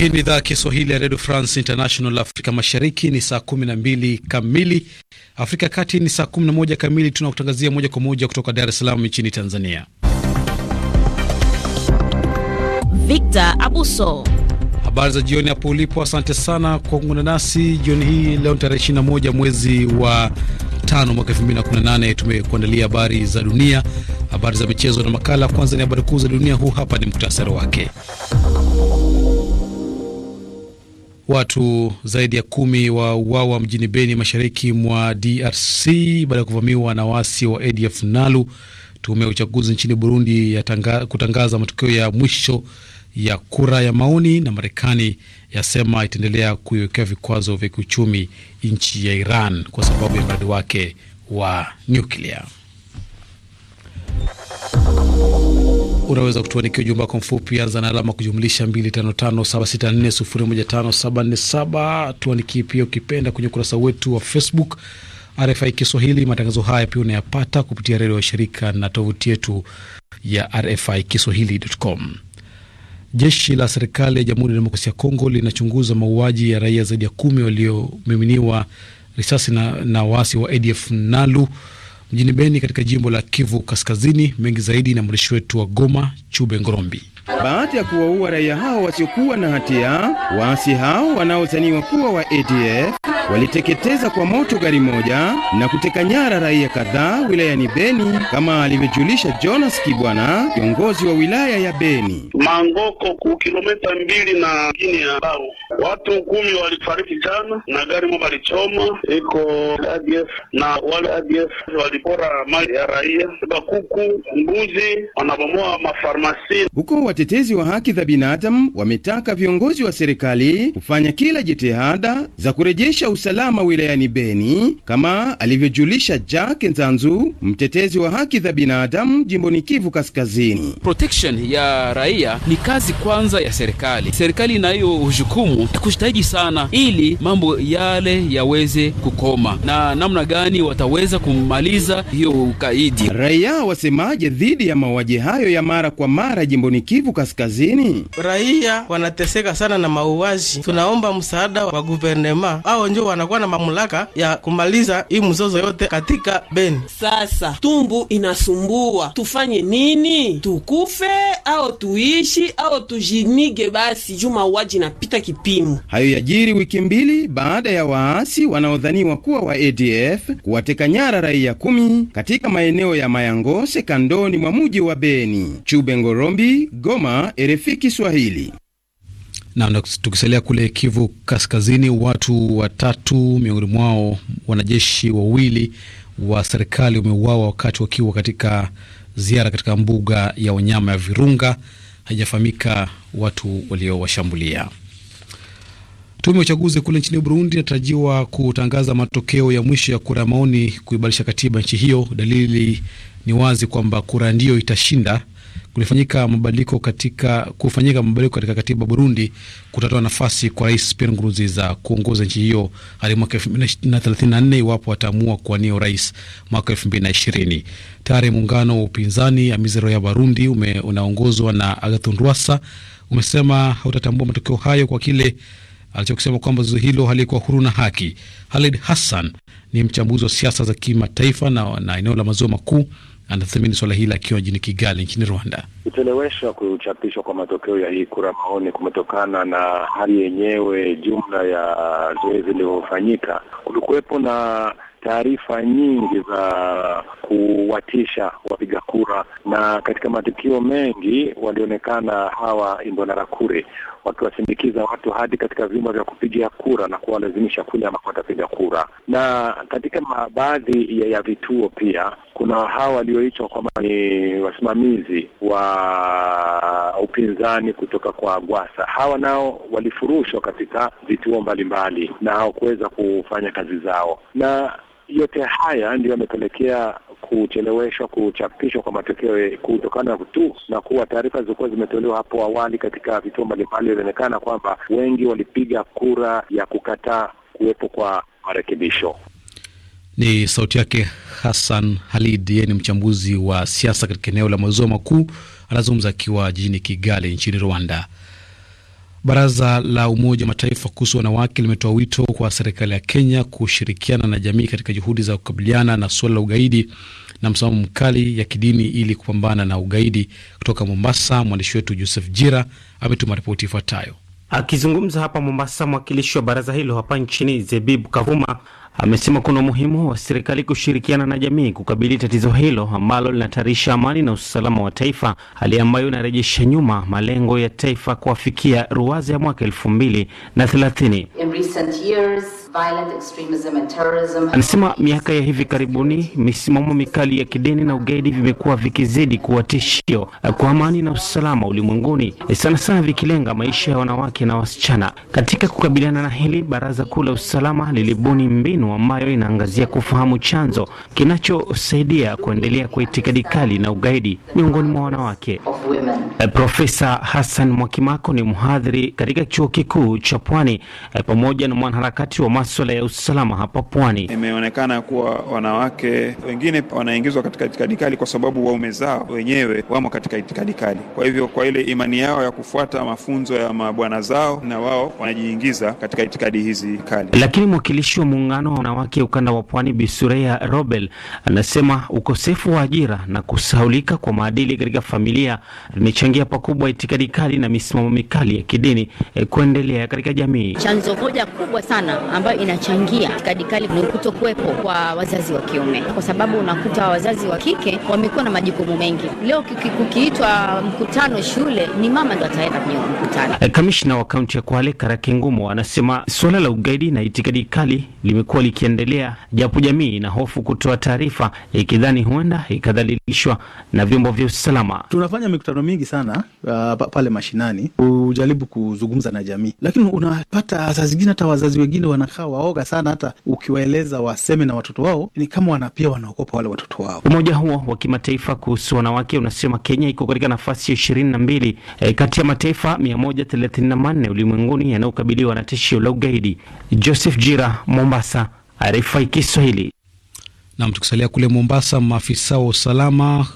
Hii ni idhaa ya Kiswahili ya redio France International. Afrika mashariki ni saa mbili kamili, Afrika ya kati ni saa moja kamili. Tunakutangazia moja kwa moja kutoka Dar es Salaam nchini Tanzania. Victor Abuso, habari za jioni hapo ulipo. Asante sana kwa kuungana nasi jioni hii leo tarehe 21 mwezi wa tano mwaka 2018. Tumekuandalia habari za dunia, habari za michezo na makala. Kwanza ni habari kuu za dunia, huu hapa ni mktasari wake. Watu zaidi ya kumi wa uawa mjini Beni, mashariki mwa DRC baada ya kuvamiwa na waasi wa ADF NALU. Tume ya uchaguzi nchini Burundi ya tanga, kutangaza matokeo ya mwisho ya kura ya maoni, na Marekani yasema itaendelea kuiwekea vikwazo vya kiuchumi nchi ya Iran kwa sababu ya mradi wake wa nyuklia. Unaweza kutuandikia ujumbe wako mfupi, anza na alama kujumlisha 255764015747. Tuandikie pia ukipenda kwenye ukurasa wetu wa Facebook RFI Kiswahili. Matangazo haya pia unayapata kupitia redio ya shirika na tovuti yetu ya RFI Kiswahili.com. Jeshi la serikali ya Jamhuri ya Demokrasia ya Kongo linachunguza mauaji ya raia zaidi ya kumi waliomiminiwa risasi na, na waasi wa ADF Nalu mjini Beni katika jimbo la Kivu Kaskazini. Mengi zaidi na mwandishi wetu wa Goma, Chube Ngorombi. Baada ya kuwaua raia hao wasiokuwa na hatia, waasi hao wanaozaniwa kuwa wa ADF waliteketeza kwa moto gari moja na kuteka nyara raia kadhaa wilayani Beni, kama alivyojulisha Jonas Kibwana, kiongozi wa wilaya ya Beni. Mangoko ku kilomita mbili na gini ya bao, watu kumi walifariki jana na gari moja walichoma iko ADF, na wale ADF walipora mali ya raia, kuku, mbuzi, wanabomoa mafarmasi huko Watetezi wa haki za binadamu wametaka viongozi wa serikali kufanya kila jitihada za kurejesha usalama wilayani Beni, kama alivyojulisha Jack Nzanzu, mtetezi wa haki za binadamu jimboni Kivu Kaskazini. Protection ya raia ni kazi kwanza ya serikali. Serikali inayo jukumu ya kujitahidi sana ili mambo yale yaweze kukoma, na namna gani wataweza kumaliza hiyo ukaidi. Raia wasemaje dhidi ya mauaji hayo ya mara kwa mara jimboni Kivu Kivu Kaskazini. Raia wanateseka sana na mauaji, tunaomba msaada wa guvernema, ao njo wanakuwa na mamlaka ya kumaliza hii mzozo yote katika Beni. Sasa tumbu inasumbua, tufanye nini? Tukufe au tuishi au tujinige? Basi juu mauaji inapita kipimo. Hayo yajiri wiki mbili baada ya waasi wanaodhaniwa kuwa wa ADF kuwateka nyara raia kumi katika maeneo ya Mayangose kandoni mwa muji wa Beni. Chube Ngorombi Go Goma, RFI Kiswahili. Na tukisalia kule Kivu Kaskazini, watu watatu miongoni mwao wanajeshi wawili wa serikali wameuawa wakati wakiwa katika ziara katika mbuga ya wanyama ya Virunga. Haijafahamika watu waliowashambulia. Tume ya uchaguzi kule nchini Burundi inatarajiwa kutangaza matokeo ya mwisho ya kura ya maoni kuibadilisha katiba nchi hiyo. Dalili ni wazi kwamba kura ndiyo itashinda kulifanyika mabadiliko katika kufanyika mabadiliko katika katiba Burundi kutatoa nafasi kwa Rais Pierre Nkurunziza kuongoza nchi hiyo hadi mwaka 2034 iwapo ataamua kuwania urais mwaka 2020. Tayari muungano wa upinzani Amizero ya Barundi unaongozwa na Agathon Rwasa umesema hautatambua matokeo hayo kwa kile alichokisema kwamba zoezi hilo halikuwa huru na haki. Khalid Hassan ni mchambuzi wa siasa za kimataifa na, na eneo la maziwa makuu anathamini swala hili akiwa jini Kigali nchini Rwanda. Kucheleweshwa kuchapishwa kwa matokeo ya hii kura maoni kumetokana na hali yenyewe jumla ya zoezi lililofanyika. Kulikuwepo na taarifa nyingi za kuwatisha wapiga kura, na katika matukio mengi walionekana hawa imbonarakure wakiwasindikiza watu hadi katika vyumba vya kupigia kura na kuwalazimisha kule ambako watapiga kura. Na katika baadhi ya, ya vituo pia kuna hawa walioitwa kwamba ni wasimamizi wa upinzani kutoka kwa Gwasa. Hawa nao walifurushwa katika vituo mbalimbali na hawakuweza kufanya kazi zao na yote haya ndiyo yamepelekea kucheleweshwa kuchapishwa kwa matokeo kutokana tu na kuwa taarifa zilikuwa zimetolewa hapo awali katika vituo mbalimbali, ilionekana kwamba wengi walipiga kura ya kukataa kuwepo kwa marekebisho. Ni sauti yake Hassan Halid, yeye ni mchambuzi wa siasa katika eneo la maziwa makuu, anazungumza akiwa jijini Kigali nchini Rwanda. Baraza la Umoja wa Mataifa kuhusu wanawake limetoa wito kwa serikali ya Kenya kushirikiana na jamii katika juhudi za kukabiliana na suala la ugaidi na msimamo mkali ya kidini ili kupambana na ugaidi. Kutoka Mombasa, mwandishi wetu Joseph Jira ametuma ripoti ifuatayo. Akizungumza hapa Mombasa, mwakilishi wa baraza hilo hapa nchini zebib Kavuma Amesema kuna umuhimu wa serikali kushirikiana na jamii kukabili tatizo hilo ambalo linatarisha amani na usalama wa taifa, hali ambayo inarejesha nyuma malengo ya taifa kuafikia ruwaza ya mwaka elfu mbili na thelathini. Anasema miaka ya hivi karibuni misimamo mikali ya kidini na ugaidi vimekuwa vikizidi kuwa tishio kwa amani na usalama ulimwenguni, sana sana vikilenga maisha ya wanawake na wasichana. Katika kukabiliana na hili, Baraza Kuu la Usalama lilibuni mbinu tano ambayo inaangazia kufahamu chanzo kinachosaidia kuendelea kwa itikadi kali na ugaidi miongoni mwa wanawake. Eh, Profesa Hassan Mwakimako ni mhadhiri katika chuo kikuu cha Pwani eh, pamoja na mwanaharakati wa maswala ya usalama hapa Pwani. Imeonekana kuwa wanawake wengine wanaingizwa katika itikadi kali kwa sababu waume zao wenyewe wamo katika itikadi kali, kwa hivyo kwa ile imani yao ya kufuata mafunzo ya mabwana zao na wao wanajiingiza katika itikadi hizi kali. Lakini mwakilishi wa muungano wanawake ukanda wa pwani Bisurea Robel anasema ukosefu wa ajira na kusahulika kwa maadili katika familia limechangia pakubwa itikadi kali na misimamo mikali ya kidini eh, kuendelea katika jamii. Chanzo moja kubwa sana ambayo inachangia itikadi kali ni kutokuwepo kwa wazazi wa kiume, kwa sababu unakuta wazazi wa kike wamekuwa na majukumu mengi. Leo kukiitwa mkutano shule, ni mama ndo ataenda kwenye mkutano. Eh, kamishna wa kaunti ya Kwale Karake Ngumo anasema suala la ugaidi na itikadi kali limekuwa limekuwa likiendelea, japo jamii ina hofu kutoa taarifa ikidhani huenda ikadhalilishwa na vyombo vya usalama. Tunafanya mikutano mingi sana uh, pale mashinani kujaribu kuzungumza na jamii, lakini unapata saa zingine hata wazazi wengine wanakaa waoga sana, hata ukiwaeleza waseme na watoto wao ni kama wanapia wanaogopa wale watoto wao. Umoja huo wa kimataifa kuhusu wanawake unasema Kenya iko katika nafasi ya ishirini na mbili eh, kati ya mataifa mia moja thelathini na manne ulimwenguni yanayokabiliwa na tishio la ugaidi. Joseph Jira, Mombasa. RFI Kiswahili. Nam, tukisalia kule Mombasa, maafisa wa usalama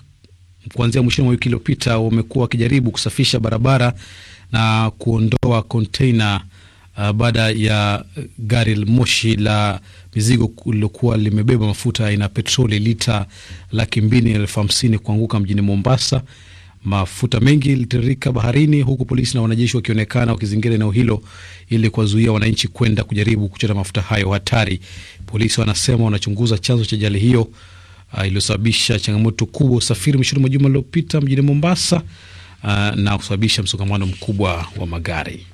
kuanzia mwishoni mwa wiki iliyopita wamekuwa wakijaribu kusafisha barabara na kuondoa konteina uh, baada ya gari moshi la mizigo lilokuwa limebeba mafuta aina ya petroli lita laki mbili na elfu hamsini kuanguka mjini Mombasa. Mafuta mengi yalitiririka baharini, huku polisi na wanajeshi wakionekana wakizingira eneo hilo ili kuwazuia wananchi kwenda kujaribu kuchota mafuta hayo hatari. Polisi wanasema wanachunguza chanzo cha ajali hiyo uh, iliyosababisha changamoto kubwa usafiri mwishoni mwa juma lililopita mjini Mombasa, uh, na kusababisha msongamano mkubwa wa magari.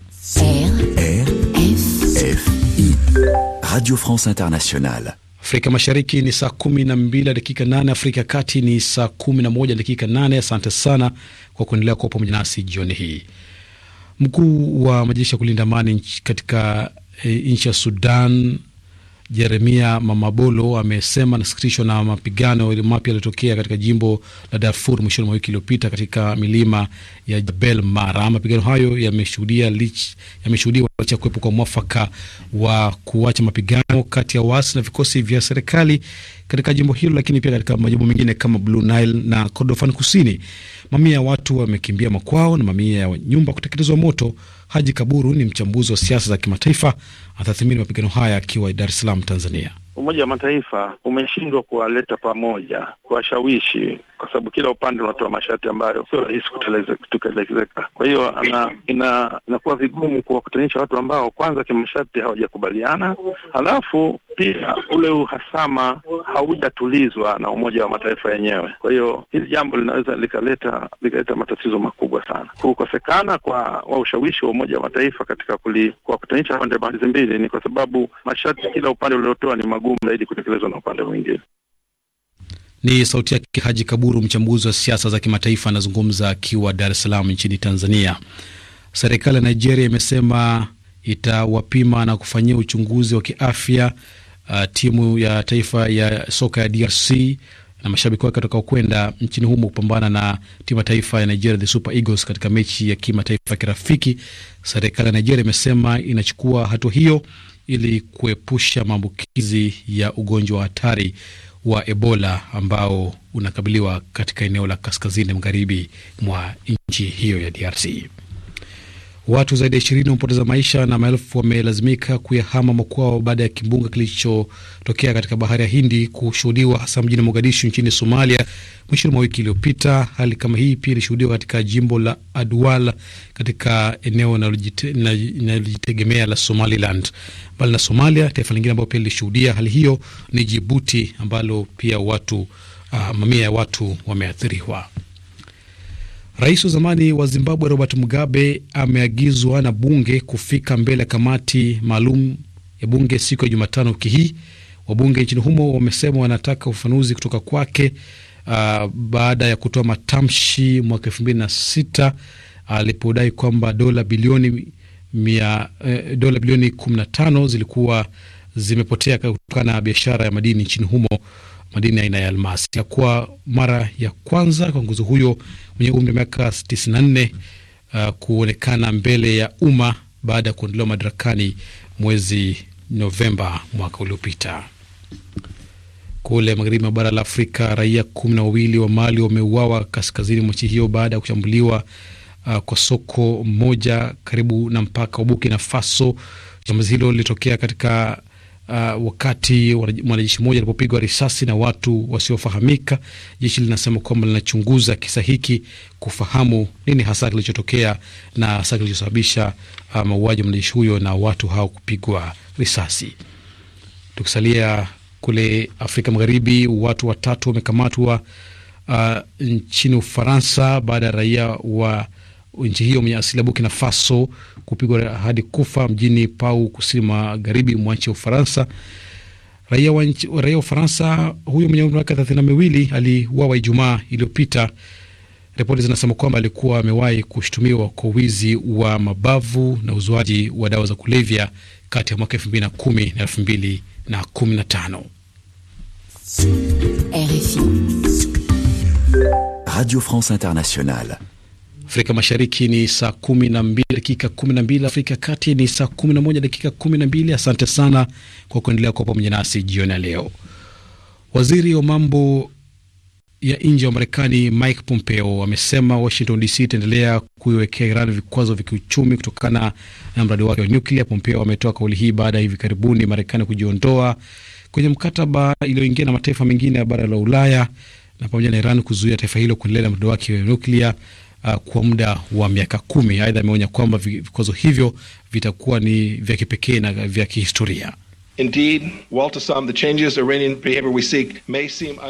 Radio France Internationale Afrika Mashariki ni saa kumi na mbili na dakika nane. Afrika ya Kati ni saa kumi na moja dakika nane. Asante sana kwa kuendelea kuwa pamoja nasi jioni hii. Mkuu wa majeshi ya kulinda amani katika e, nchi ya Sudan Jeremia Mamabolo amesema anasikitishwa na mapigano mapya yaliyotokea katika jimbo la Darfur mwishoni mwa wiki iliyopita katika milima ya Jabel Mara. Mapigano hayo yameshuhudiwa licha ya kuwepo kwa mwafaka wa kuacha mapigano kati ya waasi na vikosi vya serikali katika jimbo hilo, lakini pia katika majimbo mengine kama Blue Nile na Kordofan Kusini. Mamia ya watu wamekimbia makwao na mamia ya nyumba kuteketezwa moto Haji Kaburu ni mchambuzi wa siasa za kimataifa, anatathmini mapigano haya akiwa Dar es Salaam, Tanzania. Umoja wa Mataifa umeshindwa kuwaleta pamoja, kuwashawishi, kwa sababu kila upande unatoa masharti ambayo sio rahisi kutekelezeka. Kwa hiyo inakuwa ina vigumu kuwakutanisha watu ambao kwanza kimasharti hawajakubaliana, halafu pia ule uhasama haujatulizwa na Umoja wa Mataifa yenyewe. Kwa hiyo hili jambo linaweza likaleta likaleta matatizo makubwa sana. Kukosekana kwa wa ushawishi wa Umoja wa Mataifa katika kuwakutanisha pande hizi mbili ni kwa sababu masharti kila upande uliotoa ni magumu zaidi kutekelezwa na upande mwingine. Ni sauti yake Haji Kaburu, mchambuzi wa siasa za kimataifa, anazungumza akiwa Dar es Salaam nchini Tanzania. Serikali ya Nigeria imesema itawapima na kufanyia uchunguzi wa kiafya uh, timu ya taifa ya soka ya DRC na mashabiki wake watakaokwenda nchini humo kupambana na timu ya taifa ya Nigeria, the Super Eagles, katika mechi ya kimataifa kirafiki. Serikali ya Nigeria imesema inachukua hatua hiyo ili kuepusha maambukizi ya ugonjwa wa hatari wa Ebola ambao unakabiliwa katika eneo la kaskazini magharibi mwa nchi hiyo ya DRC. Watu zaidi ya ishirini wamepoteza maisha na maelfu wamelazimika kuyahama makwao baada ya kimbunga kilichotokea katika bahari ya Hindi kushuhudiwa hasa mjini Mogadishu nchini Somalia mwishoni mwa wiki iliyopita. Hali kama hii pia ilishuhudiwa katika jimbo la Adwal katika eneo linalojitegemea la Somaliland. Mbali na Somalia, taifa lingine ambayo pia lilishuhudia hali hiyo ni Jibuti ambalo pia watu uh, mamia ya watu wameathiriwa. Rais wa zamani wa Zimbabwe Robert Mugabe ameagizwa na bunge kufika mbele ya kamati maalum ya bunge siku ya Jumatano wiki hii. Wabunge nchini humo wamesema wanataka ufafanuzi kutoka kwake uh, baada ya kutoa matamshi mwaka elfu mbili na sita alipodai kwamba dola bilioni mia, eh, dola bilioni 15 zilikuwa zimepotea kutokana na biashara ya madini nchini humo, madini aina ya almasi. Kwa mara ya kwanza nguzo huyo mwenye umri wa miaka 94 uh, kuonekana mbele ya umma baada ya kuondolewa madarakani mwezi Novemba mwaka uliopita. Kule magharibi mwa bara la Afrika, raia kumi na wawili wa Mali wameuawa kaskazini mwa nchi hiyo baada ya kushambuliwa uh, kwa soko moja karibu na mpaka wa Burkina Faso. Shambulizi hilo lilitokea katika uh, wakati mwanajeshi mmoja alipopigwa risasi na watu wasiofahamika. Jeshi linasema kwamba linachunguza kisa hiki kufahamu nini hasa kilichotokea na hasa kilichosababisha uh, mauaji ya mwanajeshi huyo na watu hao kupigwa risasi. Tukisalia kule Afrika Magharibi, watu watatu wamekamatwa uh, nchini Ufaransa baada ya raia wa nchi hiyo mwenye asili ya Burkina Faso kupigwa hadi kufa mjini Pau, kusini magharibi mwa nchi ya Ufaransa. Raia wa raia Ufaransa huyo mwenye umri wa miaka thelathini na miwili aliuawa Ijumaa iliyopita. Ripoti zinasema kwamba alikuwa amewahi kushutumiwa kwa wizi wa mabavu na uzuaji wa dawa za kulevya kati ya mwaka elfu mbili na kumi na elfu mbili na kumi na tano. Radio France Internationale Afrika Mashariki ni saa kumi na mbili dakika kumi na mbili Afrika ya Kati ni saa kumi na moja dakika kumi na mbili Asante sana kwa kuendelea kuwa pamoja nasi jioni ya leo. Waziri wa mambo ya nje wa Marekani Mike Pompeo amesema Washington DC itaendelea kuiwekea Iran vikwazo vya kiuchumi kutokana na mradi wake wa nyuklia. Pompeo ametoa kauli hii baada ya hivi karibuni Marekani kujiondoa kwenye mkataba iliyoingia na mataifa mengine ya bara la Ulaya na pamoja na Iran kuzuia taifa hilo kuendelea na mradi wake wa nyuklia uh, kwa muda wa miaka kumi. Aidha, ameonya kwamba vikwazo hivyo vitakuwa ni vya kipekee na vya kihistoria.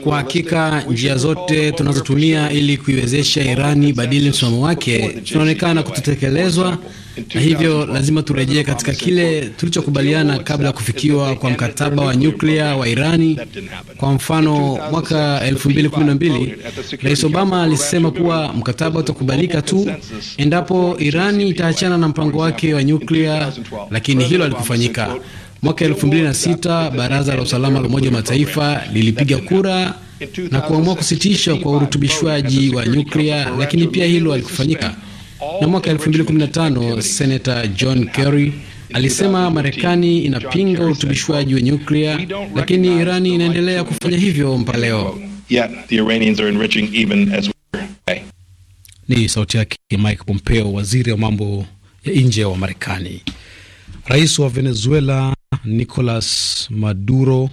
Kwa hakika njia zote tunazotumia ili kuiwezesha Irani badili msimamo wake tunaonekana kutotekelezwa, na hivyo lazima turejee katika kile tulichokubaliana kabla ya kufikiwa kwa mkataba wa nyuklia wa Irani. Kwa mfano, mwaka 2012 Rais Obama alisema kuwa mkataba utakubalika tu endapo Irani itaachana na mpango wake wa nyuklia, lakini hilo halikufanyika. Mwaka 2006 baraza la usalama la Umoja wa Mataifa lilipiga kura na kuamua kusitisha kwa urutubishwaji wa nyuklia, lakini pia hilo halikufanyika. Na mwaka 2015 Senata John Kerry alisema Marekani inapinga urutubishwaji wa nyuklia, lakini Irani inaendelea kufanya hivyo mpaka leo. Ni sauti yake Mike Pompeo, waziri wa mambo ya nje wa Marekani. Rais wa Venezuela Nicolas Maduro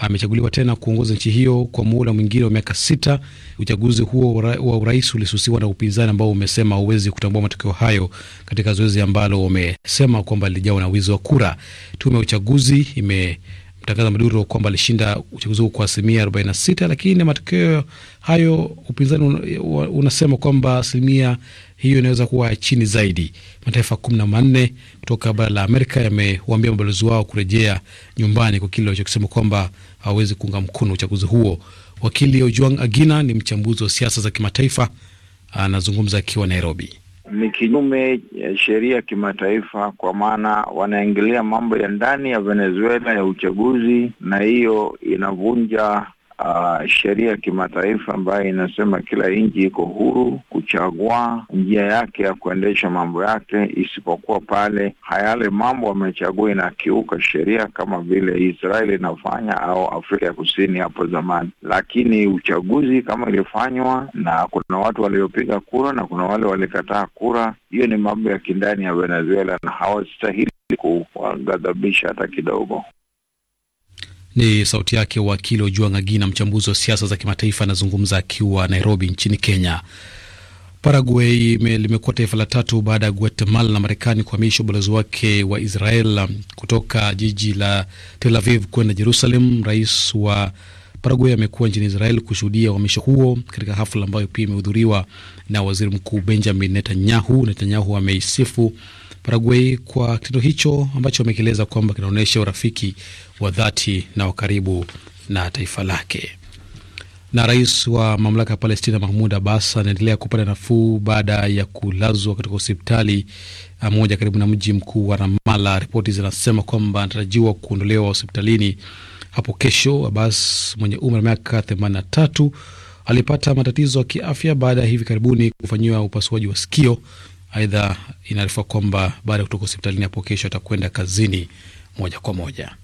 amechaguliwa tena kuongoza nchi hiyo kwa muhula mwingine wa miaka sita. Uchaguzi huo wa urais ulisusiwa na upinzani ambao umesema hauwezi kutambua matokeo hayo katika zoezi ambalo wamesema kwamba lijawa na wizi wa kura. Tume ya uchaguzi imemtangaza Maduro kwamba alishinda uchaguzi huo kwa asilimia 46, lakini matokeo hayo upinzani unasema kwamba asilimia hiyo inaweza kuwa chini zaidi. Mataifa kumi na manne kutoka bara la Amerika yamewaambia mabalozi wao kurejea nyumbani kwa kile walichokisema kwamba hawawezi kuunga mkono uchaguzi huo. Wakili Ojuang Agina ni mchambuzi wa siasa za kimataifa, anazungumza akiwa Nairobi. Ni kinyume ya eh, sheria ya kimataifa, kwa maana wanaingilia mambo ya ndani ya Venezuela ya uchaguzi, na hiyo inavunja uh, sheria ya kimataifa ambayo inasema kila nchi iko huru kuchagua njia yake ya kuendesha mambo yake, isipokuwa pale hayale mambo amechagua inakiuka sheria, kama vile Israeli inafanya au Afrika ya Kusini hapo zamani. Lakini uchaguzi kama ilifanywa, na kuna watu waliopiga kura na kuna wale walikataa kura, hiyo ni mambo ya kindani ya Venezuela na hawastahili kuwaghadhabisha hata kidogo. Ni sauti yake wakili Ojwang' Agina, mchambuzi wa siasa za kimataifa, anazungumza akiwa Nairobi nchini Kenya. Paraguay limekuwa taifa la tatu baada ya Guatemala na Marekani kuhamisha ubalozi wake wa Israel kutoka jiji la Tel Aviv kwenda Jerusalem. Rais wa Paraguay amekuwa nchini Israel kushuhudia uhamisho huo katika hafla ambayo pia imehudhuriwa na waziri mkuu Benjamin Netanyahu. Netanyahu ameisifu Paraguay kwa kitendo hicho ambacho wamekieleza kwamba kinaonyesha urafiki wa dhati na wa karibu na taifa lake. Na rais wa mamlaka ya Palestina Mahmud Abbas anaendelea kupata nafuu baada ya kulazwa katika hospitali ah, moja karibu na mji mkuu wa Ramala. Ripoti zinasema kwamba anatarajiwa kuondolewa hospitalini hapo kesho. Abbas mwenye umri wa miaka 83 alipata matatizo ya kiafya baada ya hivi karibuni kufanyiwa upasuaji wa sikio. Aidha, inaarifa kwamba baada ya kutoka hospitalini hapo kesho atakwenda kazini moja kwa moja.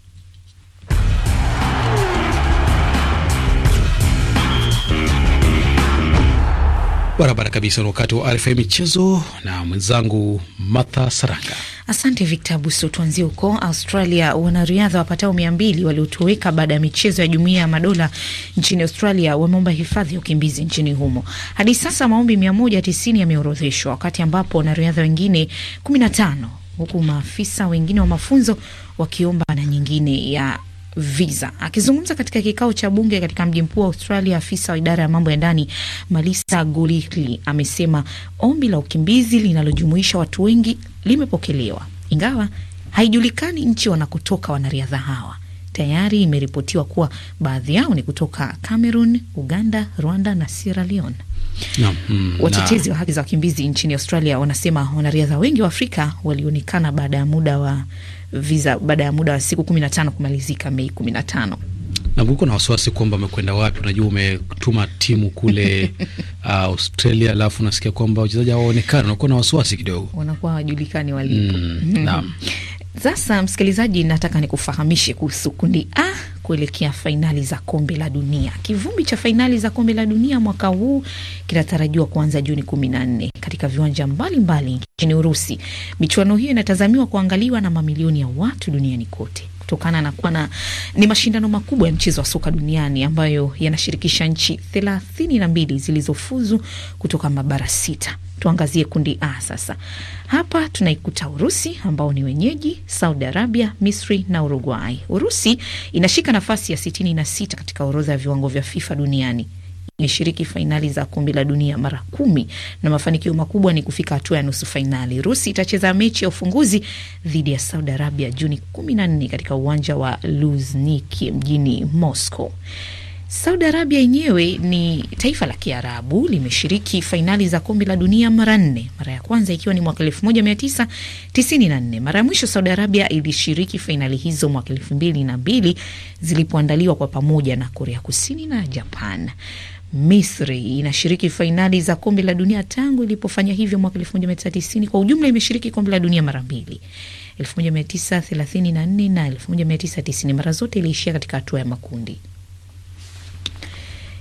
Barabara kabisa, ni wakati wa RFI michezo na mwenzangu Martha Saranga. Asante Victor Buso. Tuanzie huko Australia. Wanariadha wapatao mia mbili waliotoweka baada ya michezo ya jumuia ya Madola nchini Australia wameomba hifadhi ya ukimbizi nchini humo. Hadi sasa maombi mia moja tisini yameorodheshwa, wakati ambapo wanariadha wengine kumi na tano huku maafisa wengine wa mafunzo wakiomba na nyingine ya visa. Akizungumza katika kikao cha bunge katika mji mkuu wa Australia, afisa wa idara ya mambo ya ndani Malisa Golikli amesema ombi la ukimbizi linalojumuisha watu wengi limepokelewa, ingawa haijulikani nchi wanakotoka wanariadha hawa. Tayari imeripotiwa kuwa baadhi yao ni kutoka Cameroon, Uganda, Rwanda na Sierra Leone. No, mm, watetezi wa haki za wakimbizi nchini Australia wanasema wanariadha wengi wa Afrika walionekana baada ya muda wa visa baada ya muda wa siku 15 kumalizika Mei 15. Na uko na wasiwasi kwamba umekwenda wapi? Unajua, umetuma timu kule uh, Australia, alafu unasikia kwamba wachezaji hawaonekani, unakuwa na wasiwasi kidogo, wanakuwa hawajulikani walipo. Mm, mm-hmm. naam. Sasa msikilizaji, nataka nikufahamishe kuhusu kundi A kuelekea fainali za kombe la dunia. Kivumbi cha fainali za kombe la dunia mwaka huu kinatarajiwa kuanza Juni kumi na nne katika viwanja mbalimbali nchini Urusi. Michuano hiyo inatazamiwa kuangaliwa na mamilioni ya watu duniani kote kutokana na kuwa na ni mashindano makubwa ya mchezo wa soka duniani ambayo yanashirikisha nchi thelathini na mbili zilizofuzu kutoka mabara sita tuangazie kundi A sasa. Hapa tunaikuta Urusi ambao ni wenyeji, Saudi Arabia, Misri na Uruguay. Urusi inashika nafasi ya sitini na sita katika orodha ya viwango vya FIFA duniani imeshiriki fainali za kombe la dunia mara kumi na mafanikio makubwa ni kufika hatua ya nusu fainali. Rusi itacheza mechi ya ufunguzi dhidi ya Saudi Arabia Juni kumi na nne katika uwanja wa Luzniki mjini Moscow. Saudi Arabia yenyewe ni taifa la Kiarabu, limeshiriki fainali za kombe la dunia mara nne, mara ya kwanza ikiwa ni mwaka 1994. Mara ya mwisho Saudi Arabia ilishiriki fainali hizo mwaka mbili zilipoandaliwa kwa pamoja na Korea Kusini na Japan. Misri inashiriki fainali za kombe la dunia tangu ilipofanya hivyo mwaka tisini. Kwa ujumla imeshiriki kombe la dunia mara mbili thelathini na tisini. Mara zote iliishia katika hatua ya makundi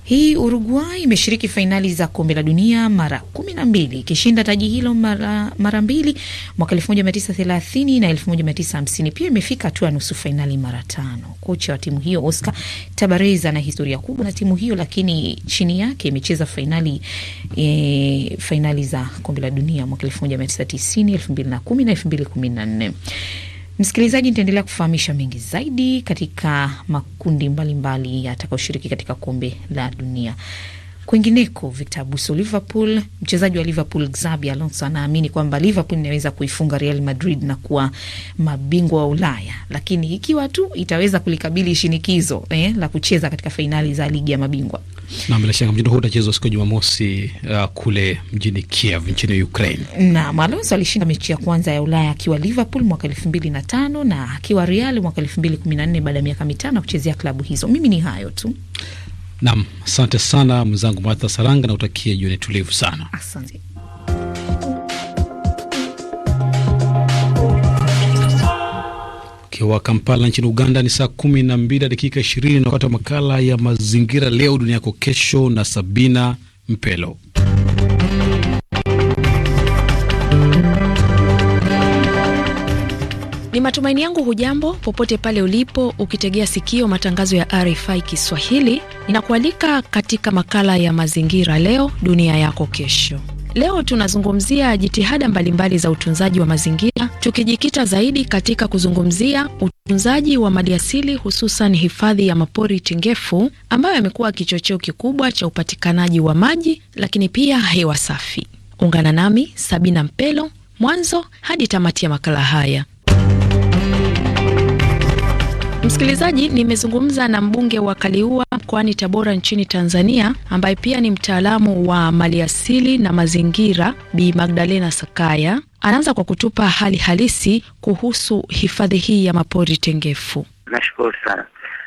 hii Uruguay imeshiriki fainali za kombe la dunia mara kumi na mbili ikishinda taji hilo mara, mara mbili mwaka thelathini na 1950. Pia imefika hatua ya nusu fainali mara tano. Kocha wa timu hiyo Oscar Tabarez ana historia kubwa na timu hiyo, lakini chini yake imecheza fainali e, fainali za kombe la dunia mwaka elfu mbili na nne Msikilizaji, nitaendelea kufahamisha mengi zaidi katika makundi mbalimbali yatakayoshiriki katika kombe la dunia. Kwingineko, Victor Abuso, Liverpool, mchezaji wa Liverpool Xabi Alonso anaamini kwamba Liverpool inaweza kuifunga Real Madrid na kuwa mabingwa wa Ulaya, lakini ikiwa tu itaweza kulikabili shinikizo eh, la kucheza katika fainali za ligi ya mabingwa. Na bila shaka mchezo huu utachezwa siku ya Jumamosi uh, kule mjini Kiev nchini Ukraine. Naam, Alonso alishinda mechi ya kwanza ya Ulaya akiwa Liverpool mwaka elfu mbili na tano na akiwa Real mwaka elfu mbili kumi na nne baada ya miaka mitano ya kuchezea klabu hizo. Mimi ni hayo tu. Nam, asante sana mwenzangu Martha Saranga, na utakie jioni tulivu sana. Asante. Ukiwa Kampala nchini Uganda ni saa kumi na mbili na dakika ishirini na wakati wa makala ya mazingira leo dunia yako kesho na Sabina Mpelo. Ni matumaini yangu hujambo popote pale ulipo, ukitegea sikio matangazo ya RFI Kiswahili. Ninakualika katika makala ya mazingira, leo dunia yako kesho. Leo tunazungumzia jitihada mbalimbali za utunzaji wa mazingira, tukijikita zaidi katika kuzungumzia utunzaji wa maliasili, hususan hifadhi ya mapori tengefu ambayo yamekuwa kichocheo kikubwa cha upatikanaji wa maji, lakini pia hewa safi. Ungana nami Sabina Mpelo mwanzo hadi tamati ya makala haya. Msikilizaji, nimezungumza na mbunge wa Kaliua mkoani Tabora nchini Tanzania, ambaye pia ni mtaalamu wa maliasili na mazingira, Bi Magdalena Sakaya. Anaanza kwa kutupa hali halisi kuhusu hifadhi hii ya mapori tengefu. Nashukuru sana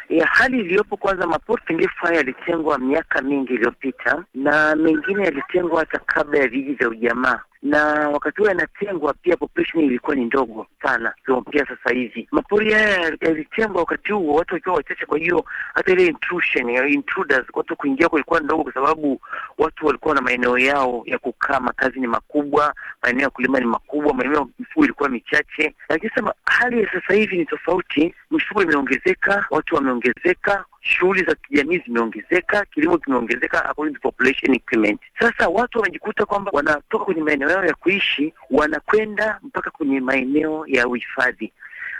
ya hali iliyopo. Kwanza, mapori tengefu haya yalitengwa miaka mingi iliyopita na mengine yalitengwa hata kabla ya vijiji vya ujamaa na wakati huo yanatengwa pia population ilikuwa ni ndogo sana, pia sasa hivi mapori haya yalitengwa wakati huo watu wakiwa wachache, kwa hiyo hata ile intrusion, intruders, watu kuingia kulikuwa ndogo, kwa sababu watu walikuwa na maeneo yao ya kukaa, makazi ni makubwa, maeneo ya kulima ni makubwa, maeneo ya mifugo ilikuwa michache. Lakini sasa hali ya sasa hivi ni tofauti, mifugo imeongezeka, watu wameongezeka shughuli za kijamii zimeongezeka, kilimo kimeongezeka, population increment. Sasa watu wamejikuta kwamba wanatoka kwenye maeneo yao ya kuishi, wanakwenda mpaka kwenye maeneo ya uhifadhi.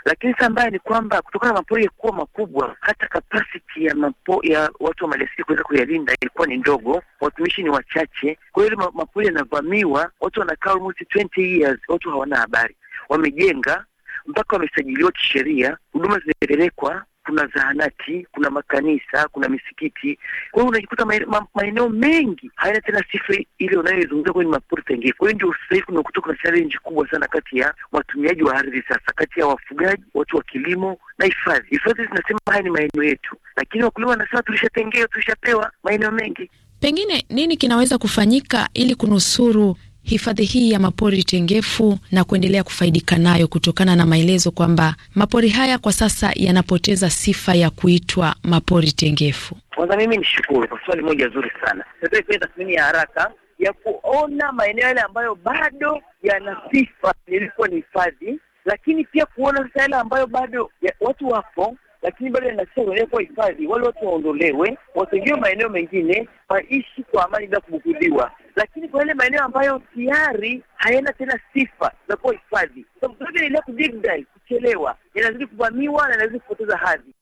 Lakini sasa mbaya ni kwamba kutokana na mapori kuwa makubwa, hata kapasiti ya mapo, ya watu wa maliasili kuweza kuyalinda ilikuwa ni ndogo, watumishi ni wachache. Kwa hiyo mapori yanavamiwa, watu wanakaa almost 20 years, watu hawana habari. Wamejenga mpaka wamesajiliwa kisheria, huduma zimepelekwa kuna zahanati, kuna makanisa, kuna misikiti. Kwa hiyo unajikuta maeneo mengi haina tena sifa ile unayoizungumzia kwenye mapori tengie. Kwa hiyo ndio sasa hivi unakuta kuna challenge kubwa sana kati ya watumiaji wa ardhi sasa, kati ya wafugaji, watu wa kilimo na hifadhi. Hifadhi zinasema haya ni maeneo yetu, lakini wakulima wanasema tulishatengewa, tulishapewa maeneo mengi. Pengine nini kinaweza kufanyika ili kunusuru hifadhi hii ya mapori tengefu na kuendelea kufaidika nayo kutokana na maelezo kwamba mapori haya kwa sasa yanapoteza sifa ya kuitwa mapori tengefu. Kwanza mimi nishukuru kwa swali moja zuri sana. Sasa ifanye tathmini ya haraka ya kuona maeneo yale ambayo bado yana sifa ilikuwa ni hifadhi, lakini pia kuona sasa yale ambayo bado ya, watu wapo lakini bado inasema waliokuwa hifadhi wale watu waondolewe, watengewe maeneo mengine, waishi kwa amani bila kubukuliwa Lakini kwa yale maeneo ambayo tayari hayana tena sifa za kuwa hifadhi, sababu zote kuchelewa, yanazidi kuvamiwa na yanazidi kupoteza hadhi.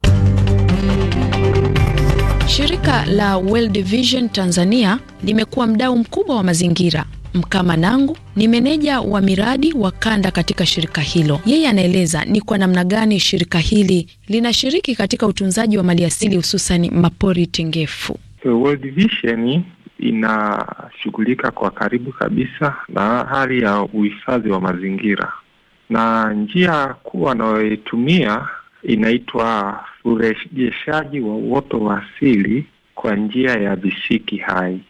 Shirika la World Vision Tanzania limekuwa mdau mkubwa wa mazingira mkama nangu ni meneja wa miradi wa kanda katika shirika hilo. Yeye anaeleza ni kwa namna gani shirika hili linashiriki katika utunzaji wa maliasili hususan mapori tengefu. So, World Vision inashughulika kwa karibu kabisa na hali ya uhifadhi wa mazingira na njia kuu anayoitumia inaitwa urejeshaji wa uoto wa asili kwa njia ya visiki hai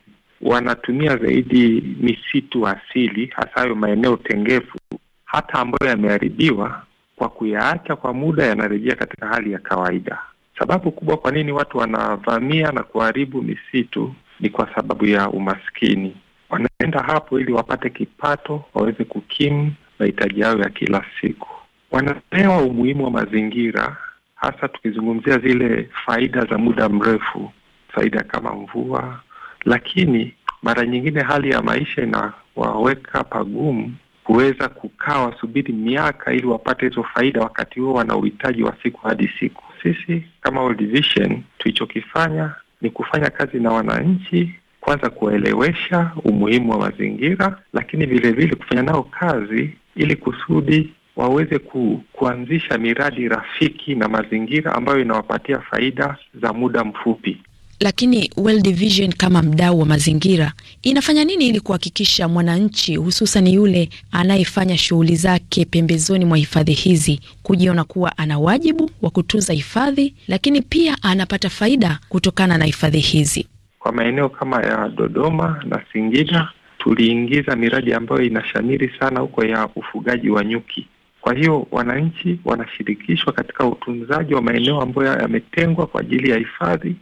wanatumia zaidi misitu asili, hasa hayo maeneo tengefu, hata ambayo yameharibiwa, kwa kuyaacha kwa muda, yanarejea katika hali ya kawaida. Sababu kubwa kwa nini watu wanavamia na kuharibu misitu ni kwa sababu ya umaskini. Wanaenda hapo ili wapate kipato, waweze kukimu mahitaji yao ya kila siku. Wanapewa umuhimu wa mazingira, hasa tukizungumzia zile faida za muda mrefu, faida kama mvua, lakini mara nyingine hali ya maisha inawaweka pagumu kuweza kukaa wasubiri miaka ili wapate hizo faida, wakati huo wana uhitaji wa siku hadi siku. Sisi kama World Vision tulichokifanya ni kufanya kazi na wananchi, kwanza kuwaelewesha umuhimu wa mazingira, lakini vilevile kufanya nao kazi ili kusudi waweze ku, kuanzisha miradi rafiki na mazingira ambayo inawapatia faida za muda mfupi. Lakini World Vision kama mdau wa mazingira inafanya nini ili kuhakikisha mwananchi, hususan yule anayefanya shughuli zake pembezoni mwa hifadhi hizi, kujiona kuwa ana wajibu wa kutunza hifadhi, lakini pia anapata faida kutokana na hifadhi hizi? Kwa maeneo kama ya Dodoma na Singida tuliingiza miradi ambayo inashamiri sana huko ya ufugaji wa nyuki. Kwa hiyo wananchi wanashirikishwa katika utunzaji wa maeneo ambayo yametengwa kwa ajili ya hifadhi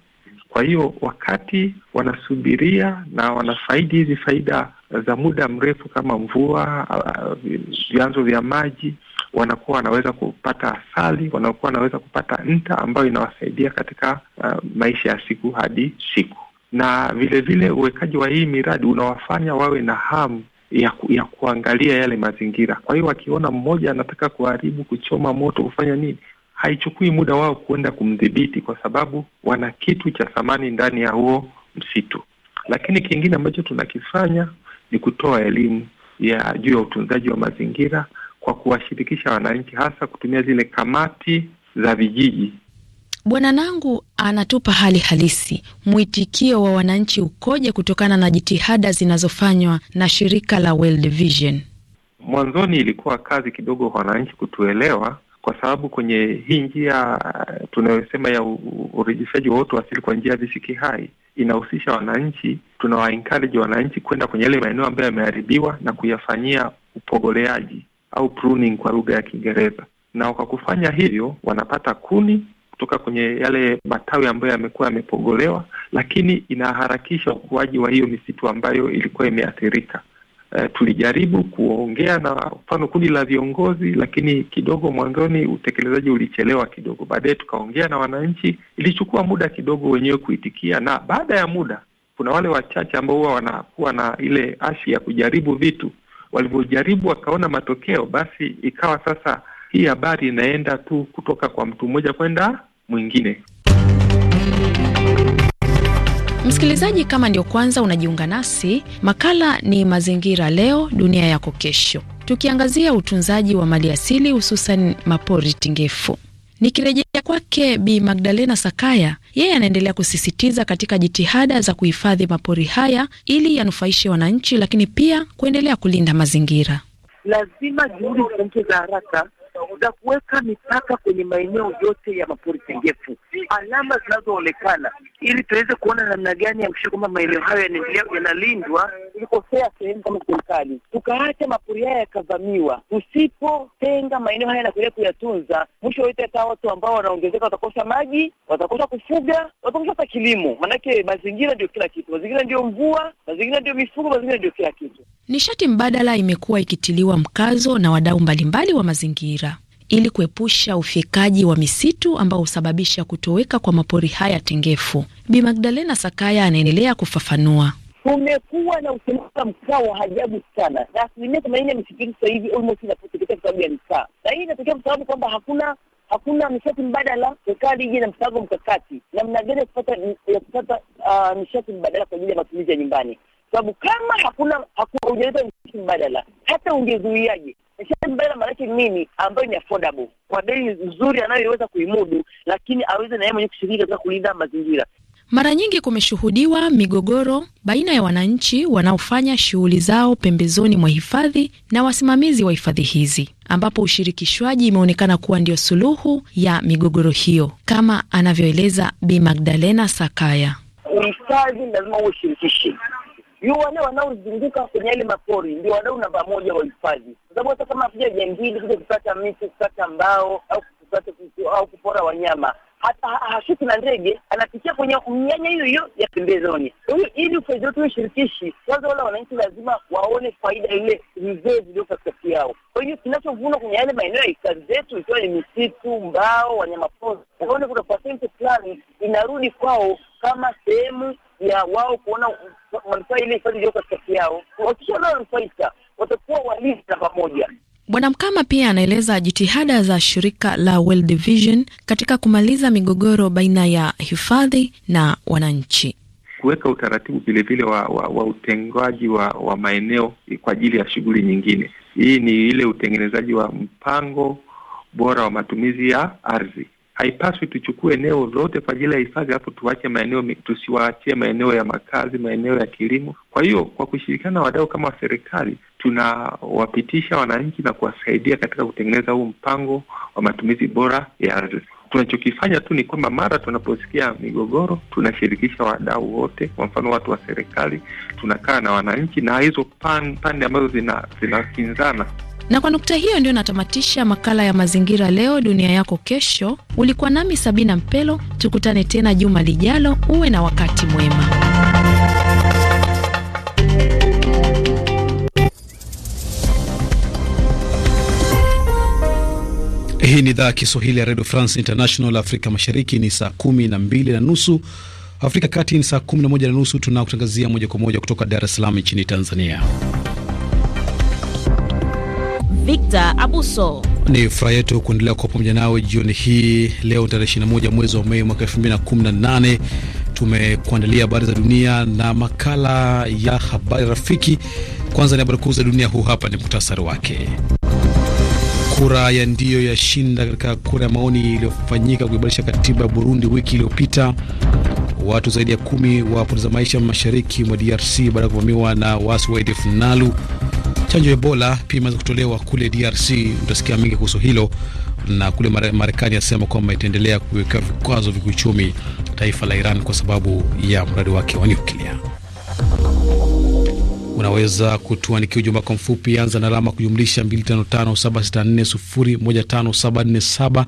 kwa hiyo wakati wanasubiria na wanafaidi hizi faida za muda mrefu kama mvua, vyanzo vya maji, wanakuwa wanaweza kupata asali, wanakuwa wanaweza kupata nta ambayo inawasaidia katika uh, maisha ya siku hadi siku, na vile vile uwekaji wa hii miradi unawafanya wawe na hamu ya, ku, ya kuangalia yale mazingira. Kwa hiyo wakiona mmoja anataka kuharibu, kuchoma moto, kufanya nini, haichukui muda wao kuenda kumdhibiti, kwa sababu wana kitu cha thamani ndani ya huo msitu. Lakini kingine ambacho tunakifanya ni kutoa elimu ya juu ya utunzaji wa mazingira kwa kuwashirikisha wananchi, hasa kutumia zile kamati za vijiji. Bwana Nangu anatupa hali halisi, mwitikio wa wananchi ukoje kutokana na jitihada zinazofanywa na shirika la World Vision? Mwanzoni ilikuwa kazi kidogo kwa wananchi kutuelewa, kwa sababu kwenye hii njia eh, tunayosema ya urejeshaji wa uoto asili kwa njia ya visiki hai inahusisha wananchi, tunawa encourage wananchi kwenda kwenye yale maeneo ambayo yameharibiwa na kuyafanyia upogoleaji au pruning kwa lugha ya Kiingereza, na kwa kufanya hivyo wanapata kuni kutoka kwenye yale matawi ambayo yamekuwa yamepogolewa, lakini inaharakisha ukuaji wa hiyo misitu ambayo ilikuwa imeathirika. Eh, tulijaribu kuongea na mfano kundi la viongozi, lakini kidogo mwanzoni utekelezaji ulichelewa kidogo. Baadaye tukaongea na wananchi, ilichukua muda kidogo wenyewe kuitikia, na baada ya muda kuna wale wachache ambao huwa wanakuwa na ile ashi ya kujaribu vitu. Walivyojaribu wakaona matokeo, basi ikawa sasa hii habari inaenda tu kutoka kwa mtu mmoja kwenda mwingine. Msikilizaji, kama ndio kwanza unajiunga nasi, makala ni Mazingira Leo Dunia Yako Kesho, tukiangazia utunzaji wa mali asili, hususan mapori tingefu. Nikirejea kwake Bi Magdalena Sakaya, yeye anaendelea kusisitiza katika jitihada za kuhifadhi mapori haya ili yanufaishe wananchi, lakini pia kuendelea kulinda mazingira. Lazima juhudi zifanyike za haraka za kuweka mipaka kwenye maeneo yote ya mapori tengefu, alama zinazoonekana, ili tuweze kuona namna gani ya kuhakikisha kwamba maeneo hayo yanaendelea yanalindwa. Tulikosea sehemu kama serikali, tukaacha mapori haya yakavamiwa. Tusipotenga maeneo haya na kuendelea kuyatunza, mwisho wote, hata watu ambao wanaongezeka watakosa maji, watakosa kufuga, watakosa hata kilimo, maanake mazingira ndio kila kitu. Mazingira ndio mvua, mazingira ndio mifugo, mazingira ndio kila kitu. Nishati mbadala imekuwa ikitiliwa mkazo na wadau mbalimbali wa mazingira ili kuepusha ufyekaji wa misitu ambao husababisha kutoweka kwa mapori haya tengefu. Bi Magdalena Sakaya anaendelea kufafanua. Kumekuwa na usimamizi mkaa wa ajabu sana, na asilimia themanini ya misitu sasa hivi almost inapoteketea kwa sababu ya mkaa, na hii inatokea kwa sababu kwamba hakuna hakuna nishati mbadala. Serikali ije na mpango mkakati namna gani ya kupata ya kupata uh, nishati mbadala kwa ajili ya matumizi ya nyumbani, sababu kama hakuna hujaleta nishati mbadala, hata ungezuiaje nishambele maanake nini? Ambayo ni affordable kwa bei nzuri anayoweza kuimudu, lakini aweze na yeye mwenyewe kushiriki katika kulinda mazingira. Mara nyingi kumeshuhudiwa migogoro baina ya wananchi wanaofanya shughuli zao pembezoni mwa hifadhi na wasimamizi wa hifadhi hizi, ambapo ushirikishwaji imeonekana kuwa ndio suluhu ya migogoro hiyo, kama anavyoeleza Bi Magdalena Sakaya. Uhifadhi lazima ushirikishi yu wale wanaozunguka kwenye yale mapori ndio wadau namba moja wa hifadhi, kwa sababu hata kama kuja jangili kuja kukata miti, kukata mbao au kukata au kupora wanyama hata hashuki na ndege, anapitia kwenye mianya hiyo hiyo ya pembezoni. Kwa hiyo ili ufaidi wetu ushirikishi, kwanza wale wananchi lazima waone faida ile mzee zilio katikati yao. Kwa hiyo kinachovunwa kwenye yale maeneo ya hifadhi zetu, ikiwa ni misitu, mbao, wanyamapori, waone kuna pasenti fulani inarudi kwao kama sehemu ya wao kuona manufaa ile hifadhi iliyoko katikati yao, wakishaona wanufaika watakuwa walinzi na pamoja. Bwana Mkama pia anaeleza jitihada za shirika la World Vision katika kumaliza migogoro baina ya hifadhi na wananchi, kuweka utaratibu vilevile wa, wa, wa utengaji wa, wa maeneo kwa ajili ya shughuli nyingine. Hii ni ile utengenezaji wa mpango bora wa matumizi ya ardhi haipaswi tuchukue eneo lote kwa ajili ya hifadhi, alafu tuache maeneo, tusiwaachie maeneo ya makazi, maeneo ya kilimo. Kwa hiyo kwa kushirikiana na wadau kama serikali, tunawapitisha wananchi na kuwasaidia katika kutengeneza huu mpango wa matumizi bora ya ardhi. Tunachokifanya tu ni kwamba mara tunaposikia migogoro, tunashirikisha wadau wote, kwa mfano watu wa serikali, tunakaa na wananchi na hizo pande ambazo zinakinzana zina na kwa nukta hiyo ndio natamatisha makala ya mazingira leo, dunia yako kesho. Ulikuwa nami Sabina Mpelo, tukutane tena juma lijalo. Uwe na wakati mwema. Hii ni idhaa ya Kiswahili ya Radio France International. Afrika Mashariki ni saa kumi na mbili na nusu, Afrika Kati ni saa kumi na moja na nusu. Tunakutangazia moja kwa moja kutoka Dar es Salaam nchini Tanzania. Victor Abuso. Ni furaha yetu kuendelea kwa pamoja nawe jioni hii leo tarehe 21 mwezi wa Mei mwaka 2018. Tumekuandalia habari za dunia na makala ya habari rafiki. Kwanza ni habari kuu za dunia, huu hapa ni muhtasari wake. Kura ya ndio yashinda katika kura ya maoni iliyofanyika kuibarisha katiba ya Burundi wiki iliyopita. Watu zaidi ya kumi wapoteza maisha mashariki mwa DRC baada ya kuvamiwa na waasi wa ADF Nalu. Chanjo ya Ebola pia imeanza kutolewa kule DRC. Utasikia mengi kuhusu hilo, na kule Marekani yasema kwamba itaendelea kuweka vikwazo vya kiuchumi taifa la Iran kwa sababu ya mradi wake wa nyuklia. Unaweza kutuandikia ujumbe kwa mfupi, anza na alama kujumlisha 255764015747.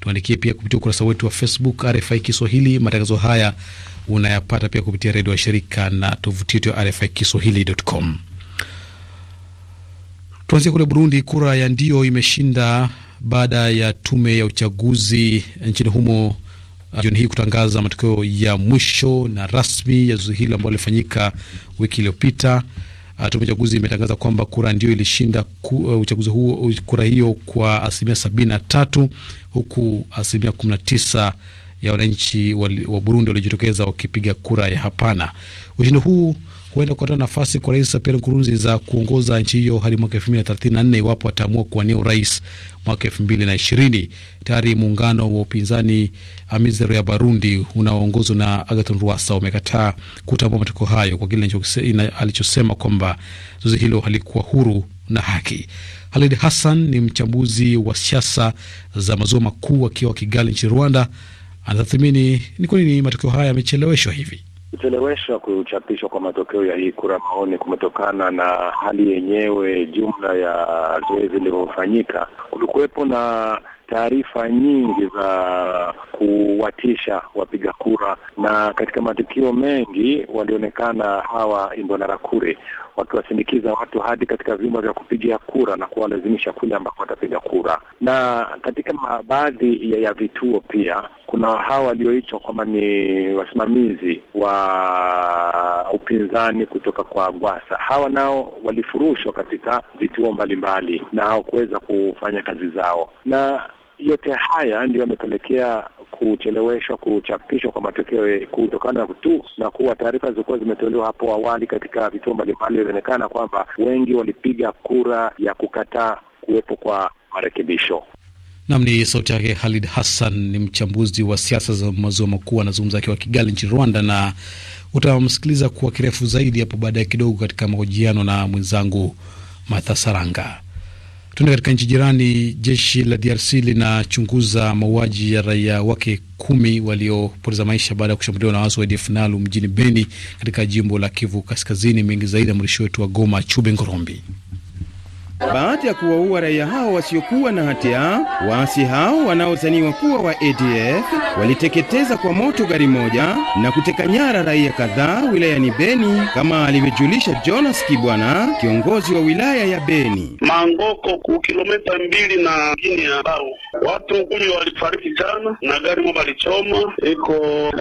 Tuandikie pia kupitia ukurasa wetu wa Facebook RFI Kiswahili. Matangazo haya unayapata pia kupitia redio ya shirika na tovuti yetu ya RFI Kiswahili.com. Tuanzie kule Burundi. Kura ya ndio imeshinda baada ya tume ya uchaguzi nchini humo uh, jioni hii kutangaza matokeo ya mwisho na rasmi ya zoezi hilo ambalo lilifanyika wiki iliyopita. Uh, tume ya uchaguzi imetangaza kwamba kura ndio ilishinda ku, uh, uchaguzi huo, uh, kura hiyo kwa asilimia sabini na tatu huku asilimia kumi na tisa ya wananchi wa Burundi waliojitokeza wakipiga kura ya hapana. Ushindi huu huenda kupata nafasi kwa Rais Pierre Nkurunziza kuongoza nchi hiyo hadi mwaka 2034 iwapo ataamua kuwania urais mwaka 2020. Tayari muungano wa upinzani Amizero uh, ya Barundi unaoongozwa na Agathon Rwasa umekataa kutambua matokeo hayo kwa kile alichosema kwamba zoezi hilo halikuwa huru na haki. Halid Hassan ni mchambuzi wa siasa za maziwa makuu akiwa Kigali nchini Rwanda. Anatathmini ni kwa nini matokeo haya yamecheleweshwa hivi. Kucheleweshwa kuchapishwa kwa matokeo ya hii kura maoni kumetokana na hali yenyewe jumla ya zoezi lilivyofanyika. Kulikuwepo na taarifa nyingi za kuwatisha wapiga kura, na katika matukio mengi walionekana hawa imbonarakure wakiwasindikiza watu hadi katika vyumba vya kupigia kura na kuwalazimisha kule ambako watapiga kura. Na katika baadhi ya, ya vituo pia kuna hawa walioitwa kwamba ni wasimamizi wa upinzani kutoka kwa Gwasa. Hawa nao walifurushwa katika vituo mbalimbali na hawakuweza kufanya kazi zao, na yote haya ndiyo yamepelekea kucheleweshwa kuchapishwa kwa matokeo kutokana tu na kuwa taarifa zilikuwa zimetolewa hapo awali katika vituo mbalimbali, ilionekana kwamba wengi walipiga kura ya kukataa kuwepo kwa marekebisho. Nam ni sauti yake Khalid Hassan, ni mchambuzi wa siasa za maziwa makuu, anazungumza akiwa Kigali nchini Rwanda, na utamsikiliza kwa kirefu zaidi hapo baadaye kidogo katika mahojiano na mwenzangu mathasaranga Saranga. Tuende katika nchi jirani. Jeshi la DRC linachunguza mauaji ya raia wake kumi waliopoteza maisha baada ya kushambuliwa na waasi wa ADF NALU mjini Beni katika jimbo la Kivu Kaskazini. Mengi zaidi ya mwandishi wetu wa Goma, Chube Ngorombi. Baada ya kuwaua raia hao wasiokuwa na hatia, waasi hao wanaodhaniwa kuwa wa ADF waliteketeza kwa moto gari moja na kuteka nyara raia kadhaa wilayani Beni, kama alivyojulisha Jonas Kibwana, kiongozi wa wilaya ya Beni. Mangoko ku kilomita mbili na ngini ya bao, watu kumi walifariki jana na gari moja walichoma iko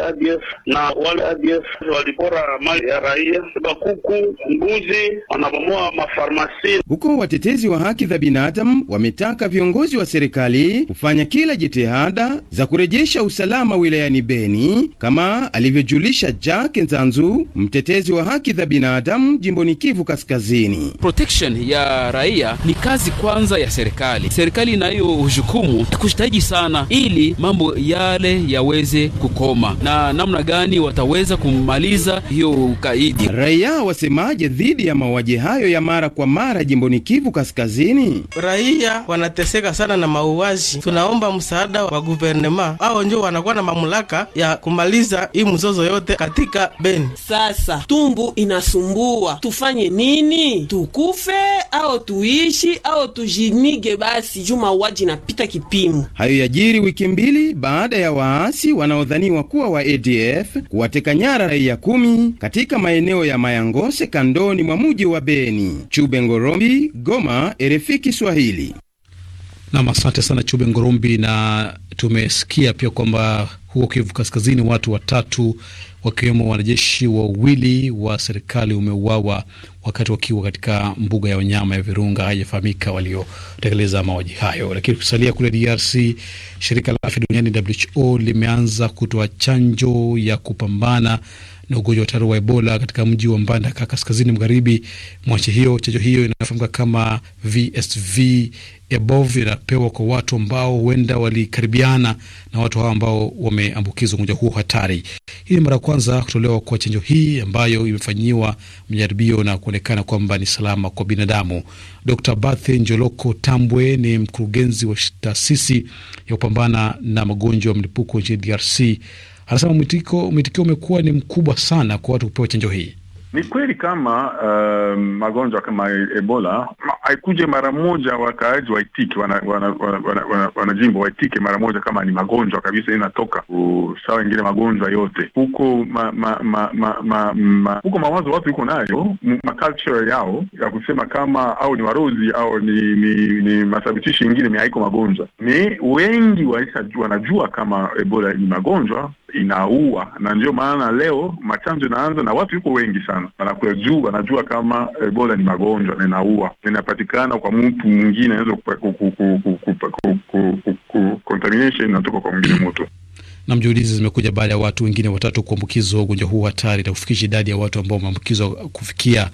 ADF, na wale ADF walipora mali ya raia, bakuku, mbuzi, wanabomoa mafarmasi huko watete watetezi wa haki za binadamu wametaka viongozi wa serikali kufanya kila jitihada za kurejesha usalama wilayani Beni, kama alivyojulisha Jack Nzanzu, mtetezi wa haki za binadamu jimboni Kivu Kaskazini. Protection ya raia ni kazi kwanza ya serikali. Serikali inayo jukumu kujitahidi sana ili mambo yale yaweze kukoma, na namna gani wataweza kumaliza hiyo ukaidi. Raia wasemaje dhidi ya mauaji hayo ya mara kwa mara jimboni Kivu Kaskazini. Raia wanateseka sana na mauaji, tunaomba msaada wa guvernema, ao njo wanakuwa na mamlaka ya kumaliza hii mzozo yote katika Beni. Sasa tumbu inasumbua, tufanye nini? Tukufe au tuishi au tujinige? Basi juu mauaji napita kipimo. Hayo yajiri wiki mbili baada ya waasi wanaodhaniwa kuwa wa ADF kuwateka nyara raia kumi katika maeneo ya Mayangose kandoni mwa muji wa Beni. Chube Ngorombi, Goma. Goma, RFI Kiswahili. Nam, asante sana Chube Ngorumbi. Na tumesikia pia kwamba huko Kivu Kaskazini watu watatu wakiwemo wanajeshi wawili wa serikali umeuawa wakati wakiwa katika mbuga ya wanyama ya Virunga. Haijafahamika waliotekeleza mauaji hayo. Lakini kusalia kule DRC, shirika la afya duniani WHO limeanza kutoa chanjo ya kupambana na ugonjwa hatari wa Ebola katika mji wa Mbandaka kaskazini magharibi mwa nchi hiyo. Chanjo hiyo inafamika kama VSV Ebov inapewa kwa watu ambao huenda walikaribiana na watu hao ambao wameambukizwa ugonjwa huo hatari. Hii ni mara ya kwanza kutolewa kwa chanjo hii ambayo imefanyiwa majaribio na kuonekana kwamba ni salama kwa binadamu. Dr Bathe Njoloko Tambwe ni mkurugenzi wa taasisi ya kupambana na magonjwa ya mlipuko nchini DRC anasema mwitikio mwitikio umekuwa ni mkubwa sana kwa watu kupewa chanjo hii. Ni kweli kama uh, magonjwa kama Ebola haikuje mara moja wakaaji waitike, wanajimbo wana, wana, wana, wana waitike mara moja kama ni magonjwa kabisa inatoka sawa ingine magonjwa yote huko ma, ma, ma, ma, ma, ma, huko mawazo watu iko nayo maculture yao ya kusema kama au ni warozi au ni ni, ni masabitishi ingine miaiko magonjwa ni wengi waisha wanajua kama Ebola ni magonjwa inaua, na ndio maana leo machanjo inaanza na watu yuko wengi sana wanakula juu, wanajua kama Ebola ni magonjwa na inaua, inapatikana kwa mtu mwingine, anaweza contamination inatoka kwa mwingine mtu na juhudi hizi zimekuja baada ya watu wengine watatu kuambukizwa ugonjwa huu hatari na kufikisha idadi ya watu ambao wameambukizwa kufikia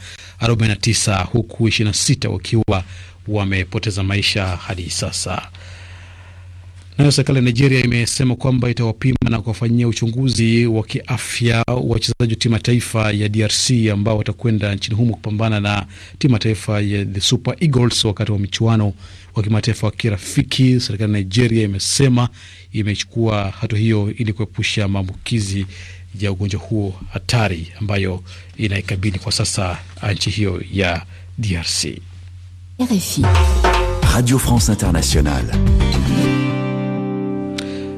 49 huku 26 wakiwa wamepoteza maisha hadi sasa. Nayo serikali ya Nigeria imesema kwamba itawapima na kuwafanyia uchunguzi wa kiafya wachezaji wa timu taifa ya DRC ambao watakwenda nchini humo kupambana na timu taifa ya the Super Eagles wakati wa michuano wa kimataifa wa kirafiki. Serikali ya Nigeria imesema imechukua hatua hiyo ili kuepusha maambukizi ya ugonjwa huo hatari ambayo inaikabili kwa sasa nchi hiyo ya DRC. RFI, Radio France Internationale.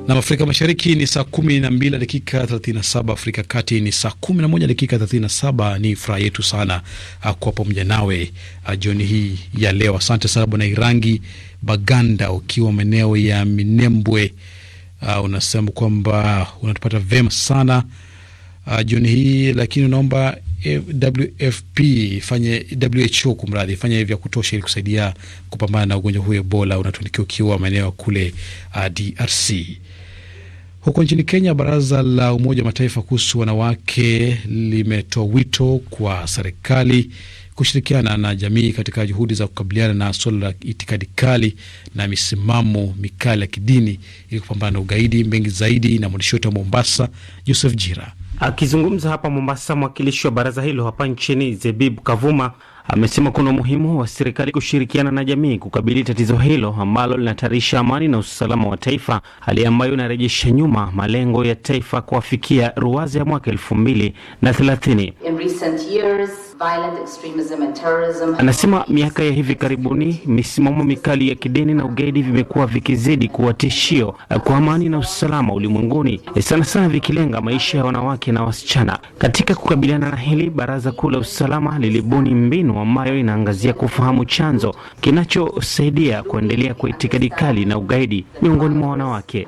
Nam Afrika Mashariki ni saa kumi na mbili dakika 37, Afrika Kati ni saa kumi na moja dakika 37. Ni furaha yetu sana ah, kuwa pamoja nawe ah, jioni hii ya leo. Asante sana Bwana Irangi Baganda, ukiwa maeneo ya Minembwe. Uh, unasema kwamba unatupata vema sana uh, jioni hii, lakini unaomba WFP fanye WHO kumradhi, ifanye vya kutosha ili kusaidia kupambana na ugonjwa huu Ebola unatunikia ukiwa maeneo ya kule uh, DRC. Huko nchini Kenya, baraza la Umoja wa Mataifa kuhusu wanawake limetoa wito kwa serikali kushirikiana na jamii katika juhudi za kukabiliana na suala la itikadi kali na misimamo mikali ya kidini ili kupambana na ugaidi. Mengi zaidi na mwandishi wetu wa Mombasa, Joseph Jira. Akizungumza hapa Mombasa, mwakilishi wa baraza hilo hapa nchini Zebib Kavuma Amesema kuna umuhimu wa serikali kushirikiana na jamii kukabili tatizo hilo ambalo linatarisha amani na usalama wa taifa, hali ambayo inarejesha nyuma malengo ya taifa kuwafikia ruwaza ya mwaka elfu mbili na thelathini. Anasema miaka ya hivi karibuni misimamo mikali ya kidini na ugaidi vimekuwa vikizidi kuwa tishio kwa amani na usalama ulimwenguni, e, sana sana vikilenga maisha ya wanawake na wasichana. Katika kukabiliana na hili, Baraza Kuu la Usalama lilibuni mbinu ambayo inaangazia kufahamu chanzo kinachosaidia kuendelea kwa itikadi kali na ugaidi miongoni mwa wanawake.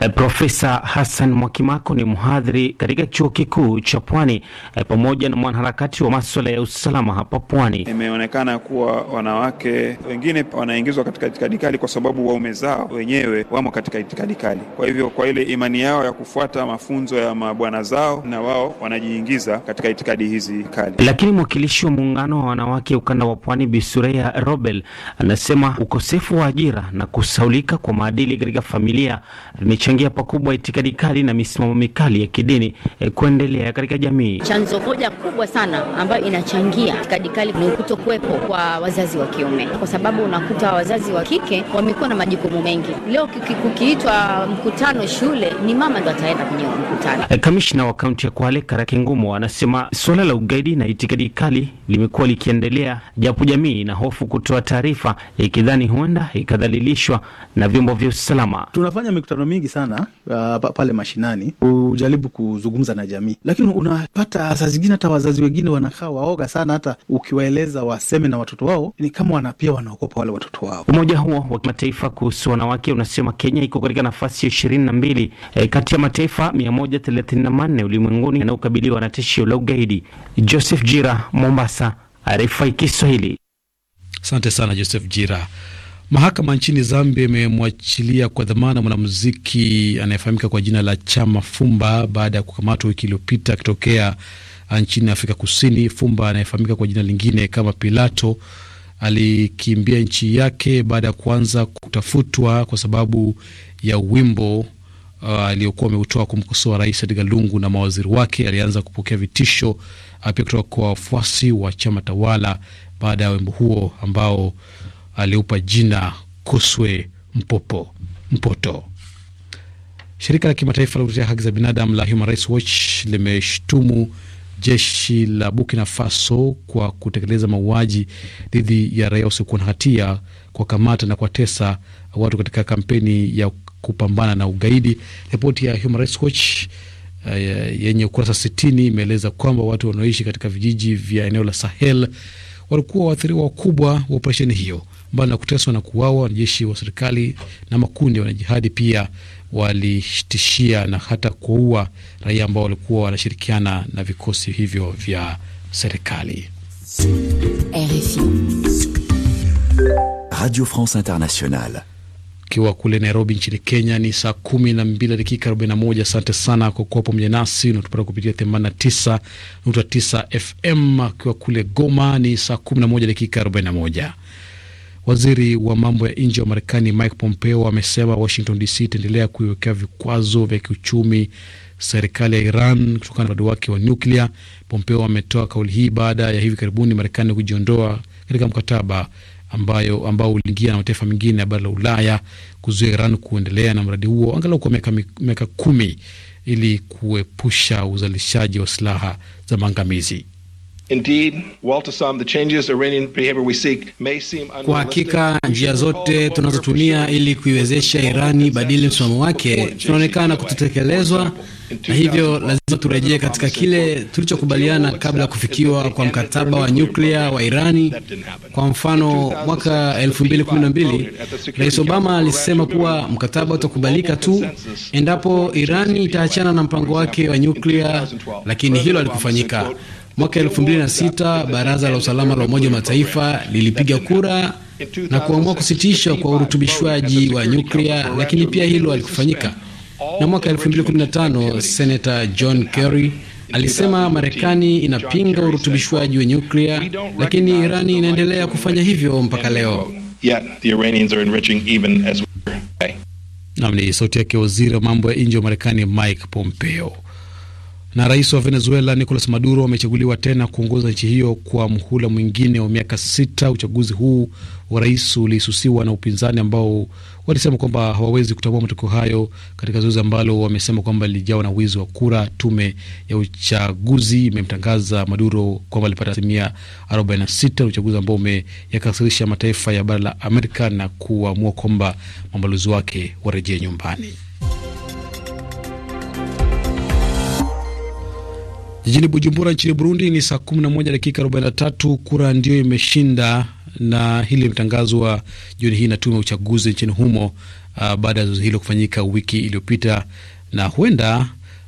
E, Profesa Hassan Mwakimako ni mhadhiri katika Chuo Kikuu cha Pwani e, pamoja na mwanaharakati wa maswala ya usalama hapa pwani. Imeonekana kuwa wanawake wengine wanaingizwa katika itikadi kali kwa sababu waume zao wenyewe wamo katika itikadi kali. Kwa hivyo, kwa ile imani yao ya kufuata mafunzo ya mabwana zao, na wao wanajiingiza katika itikadi hizi kali. Lakini mwakilishi wa muungano wa wanawake ukanda wa pwani Bisureya Robel anasema ukosefu wa ajira na kusaulika kwa maadili katika familia vimechangia pakubwa itikadi kali na misimamo mikali ya kidini eh, kuendelea katika jamii. Chanzo moja kubwa sana ambayo inachangia kadikali ni kutokuwepo kwa wazazi wa kiume, kwa sababu unakuta wazazi wa kike wamekuwa na majukumu mengi. Leo kukiitwa mkutano shule, ni mama ndo ataenda kwenye mkutano. Eh, kamishna wa kaunti ya Kwale Karake Ngumo anasema suala la ugaidi na itikadi kali limekuwa likiendelea, japo jamii ina hofu kutoa taarifa ikidhani huenda ikadhalilishwa na vyombo vya usalama. Tunafanya mikutano mingi sana uh, pale mashinani kujaribu kuzungumza na jamii, lakini unapata saa zingine hata wazazi wengine wana wakaa waoga sana, hata ukiwaeleza waseme na watoto wao ni kama wana pia wanaogopa wale watoto wao. Umoja huo wa kimataifa kuhusu wanawake unasema Kenya iko katika nafasi ya ishirini na mbili e, kati ya mataifa mia moja thelathini na manne ulimwenguni yanayokabiliwa na tishio la ugaidi. Joseph Jira, Mombasa, RFI Kiswahili. Asante sana Joseph Jira. Mahakama nchini Zambia imemwachilia kwa dhamana mwanamuziki anayefahamika kwa jina la Chama Fumba baada ya kukamatwa wiki iliyopita akitokea nchini Afrika Kusini. Fumba anayefahamika kwa jina lingine kama Pilato alikimbia nchi yake baada ya kuanza kutafutwa kwa sababu ya wimbo uh, aliyokuwa ameutoa kumkosoa Rais Edgar Lungu na mawaziri wake. Alianza kupokea vitisho uh, pia kutoka kwa wafuasi wa chama tawala baada ya wimbo huo ambao aliupa jina Koswe Mpopo Mpoto. Shirika la kimataifa la kutetea haki za binadamu la Human Rights Watch limeshtumu jeshi la Burkina Faso kwa kutekeleza mauaji dhidi ya raia wasiokuwa na hatia kwa kamata na kuwatesa watu katika kampeni ya kupambana na ugaidi. Ripoti ya Human Rights Watch uh, yenye ukurasa sitini imeeleza kwamba watu wanaoishi katika vijiji vya eneo la Sahel walikuwa waathiriwa wakubwa wa operesheni hiyo. Mbali na kuteswa na kuuawa, wanajeshi wa serikali na makundi ya wanajihadi pia walitishia na hata kuua raia ambao walikuwa wanashirikiana na vikosi hivyo vya serikali. Radio France Internationale ukiwa kule Nairobi nchini Kenya ni saa kumi na mbili dakika arobaini na moja. Asante sana kwa kuwa pamoja nasi, unatupata kupitia 89.9 FM. akiwa kule Goma ni saa kumi na moja dakika arobaini na moja. Waziri wa mambo ya nje wa Marekani Mike Pompeo amesema Washington DC itaendelea kuiwekea vikwazo vya kiuchumi serikali ya Iran kutokana na mradi wake wa nyuklia. Pompeo ametoa kauli hii baada ya hivi karibuni Marekani kujiondoa katika mkataba ambayo ambao uliingia na mataifa mengine ya bara la Ulaya kuzuia Iran kuendelea na mradi huo angalau kwa miaka miaka kumi ili kuepusha uzalishaji wa silaha za maangamizi. Kwa hakika njia zote tunazotumia ili kuiwezesha Irani badili msimamo wake tunaonekana kutotekelezwa, na hivyo lazima turejee katika kile tulichokubaliana kabla ya kufikiwa kwa mkataba wa nyuklia wa Irani. Kwa mfano, mwaka 2012 Rais Obama alisema kuwa mkataba utakubalika tu endapo Irani itaachana na mpango wake wa nyuklia, lakini hilo halikufanyika. Mwaka 2006 baraza la usalama la Umoja wa Mataifa lilipiga kura na kuamua kusitishwa kwa urutubishwaji wa nyuklia, lakini pia hilo halikufanyika. Na mwaka 2015 Senator John Kerry alisema Marekani inapinga urutubishwaji wa nyuklia, lakini Irani inaendelea kufanya hivyo mpaka leo. Nam ni sauti yake waziri wa mambo ya nje wa Marekani Mike Pompeo na rais wa Venezuela Nicolas Maduro amechaguliwa tena kuongoza nchi hiyo kwa mhula mwingine wa miaka sita. Uchaguzi huu wa rais ulisusiwa na upinzani ambao walisema kwamba hawawezi kutambua matokeo hayo katika zoezi ambalo wamesema kwamba lilijawa na wizi wa kura. Tume ya uchaguzi imemtangaza Maduro kwamba alipata asilimia 46, uchaguzi ambao umeyakasirisha mataifa ya bara la Amerika na kuamua kwamba mabalozi wake warejee nyumbani. Jijini Bujumbura nchini Burundi ni saa 11 dakika 43. Kura ndiyo imeshinda na hili limetangazwa jioni hii na tume ya uchaguzi nchini humo, uh, baada ya zoezi hilo kufanyika wiki iliyopita, na huenda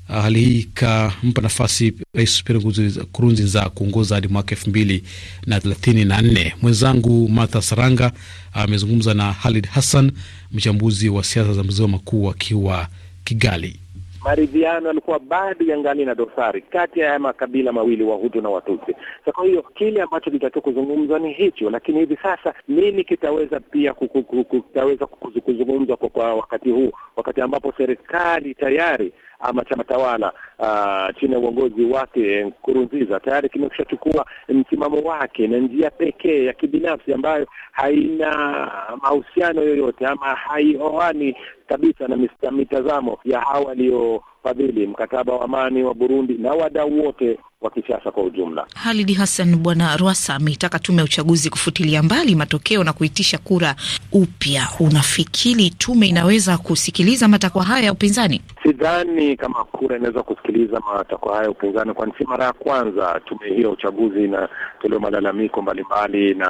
uh, hali hii ikampa nafasi Rais Pierre Nkurunziza kuongoza hadi mwaka elfu mbili na thelathini na nne. Mwenzangu Martha Saranga ah, amezungumza uh, na Halid Hassan, mchambuzi wa siasa za maziwa makuu akiwa Kigali maridhiano yalikuwa bado yangali na dosari kati ya haya makabila mawili Wahutu na watusi Sa kwa hiyo kile ambacho kitakiwa kuzungumzwa ni hicho, lakini hivi sasa nini kitaweza pia kitaweza kuzungumzwa kwa wakati huu, wakati ambapo serikali tayari ama chama tawala uh, chini ya uongozi wake Nkurunziza tayari kimekushachukua msimamo wake na njia pekee ya kibinafsi ambayo haina mahusiano yoyote ama haioani kabisa na mitazamo ya hawa walio kufadhili mkataba wa amani wa Burundi na wadau wote wa kisiasa kwa ujumla. Halidi Hassan, Bwana Rwasa ameitaka tume ya uchaguzi kufutilia mbali matokeo na kuitisha kura upya. Unafikiri tume inaweza kusikiliza matakwa haya ya upinzani? Sidhani kama kura inaweza kusikiliza matakwa haya ya upinzani, kwani si mara ya kwanza tume hiyo ya uchaguzi inatolewa malalamiko mbalimbali na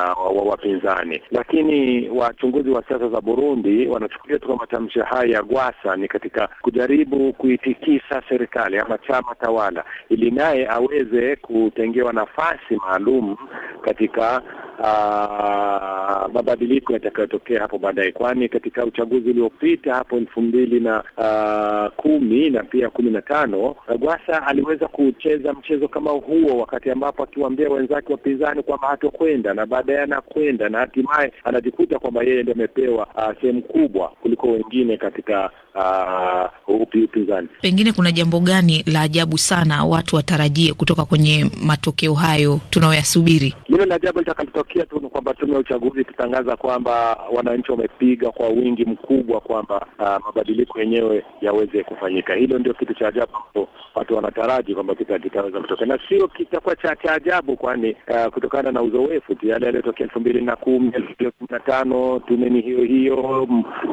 wapinzani wa, wa lakini wachunguzi wa siasa za Burundi wanachukulia tu kwa matamshi haya ya Gwasa ni katika kujaribu kuiti tisa serikali ama chama tawala, ili naye aweze kutengewa nafasi maalum katika Uh, mabadiliko yatakayotokea hapo baadaye, kwani katika uchaguzi uliopita hapo elfu mbili na uh, kumi na pia kumi na tano gwasa aliweza kucheza mchezo kama huo, wakati ambapo akiwaambia wenzake wapinzani kwamba hatokwenda na baadaye anakwenda na hatimaye anajikuta kwamba yeye ndio amepewa uh, sehemu kubwa kuliko wengine katika uh, upinzani pengine kuna jambo gani la ajabu sana watu watarajie kutoka kwenye matokeo hayo tunayoyasubiri? hilo la ajabu litakalitokea tu ni kwamba tume ya uchaguzi ikitangaza kwamba wananchi wamepiga kwa wingi mkubwa kwamba ah, mabadiliko yenyewe yaweze kufanyika. Hilo ndio kitu cha ajabu ambapo watu wanataraji kwamba kitaweza kutokea, na sio kitakuwa cha ajabu, kwani uh, kutokana na uzoefu yale yaliyotokea elfu mbili na kumi elfu mbili kumi na tano tume ni hiyo hiyo,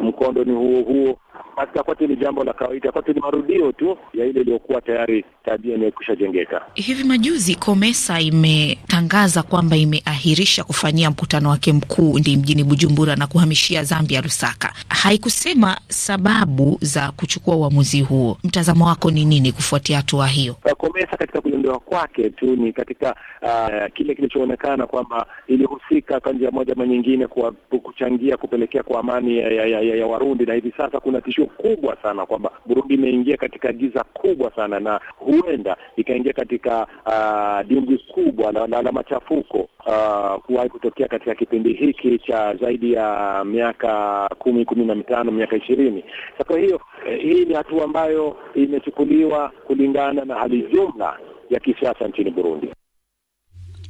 mkondo ni huo huo katika kwetu ni jambo la kawaida, kwetu ni marudio tu ya ile iliyokuwa tayari tabia imekwisha jengeka. Hivi majuzi Komesa imetangaza kwamba imeahirisha kufanyia mkutano wake mkuu ndi mjini Bujumbura na kuhamishia Zambia Lusaka. Haikusema sababu za kuchukua uamuzi huo. Mtazamo wako ni nini kufuatia hatua hiyo? Eh, Komesa katika kuondoa kwake tu ni katika uh, kile kilichoonekana kwamba ilihusika kwa njia moja ama nyingine kuchangia kupelekea kwa amani ya, ya, ya, ya Warundi na hivi sasa kuna tishio kubwa sana kwamba Burundi imeingia katika giza kubwa sana, na huenda ikaingia katika uh, ah, dimbwi kubwa la, la, la machafuko uh, kuwahi kutokea katika kipindi hiki cha zaidi ya miaka kumi kumi na mitano miaka ishirini. Sa kwa hiyo eh, hii ni hatua ambayo imechukuliwa kulingana na hali jumla ya kisiasa nchini Burundi.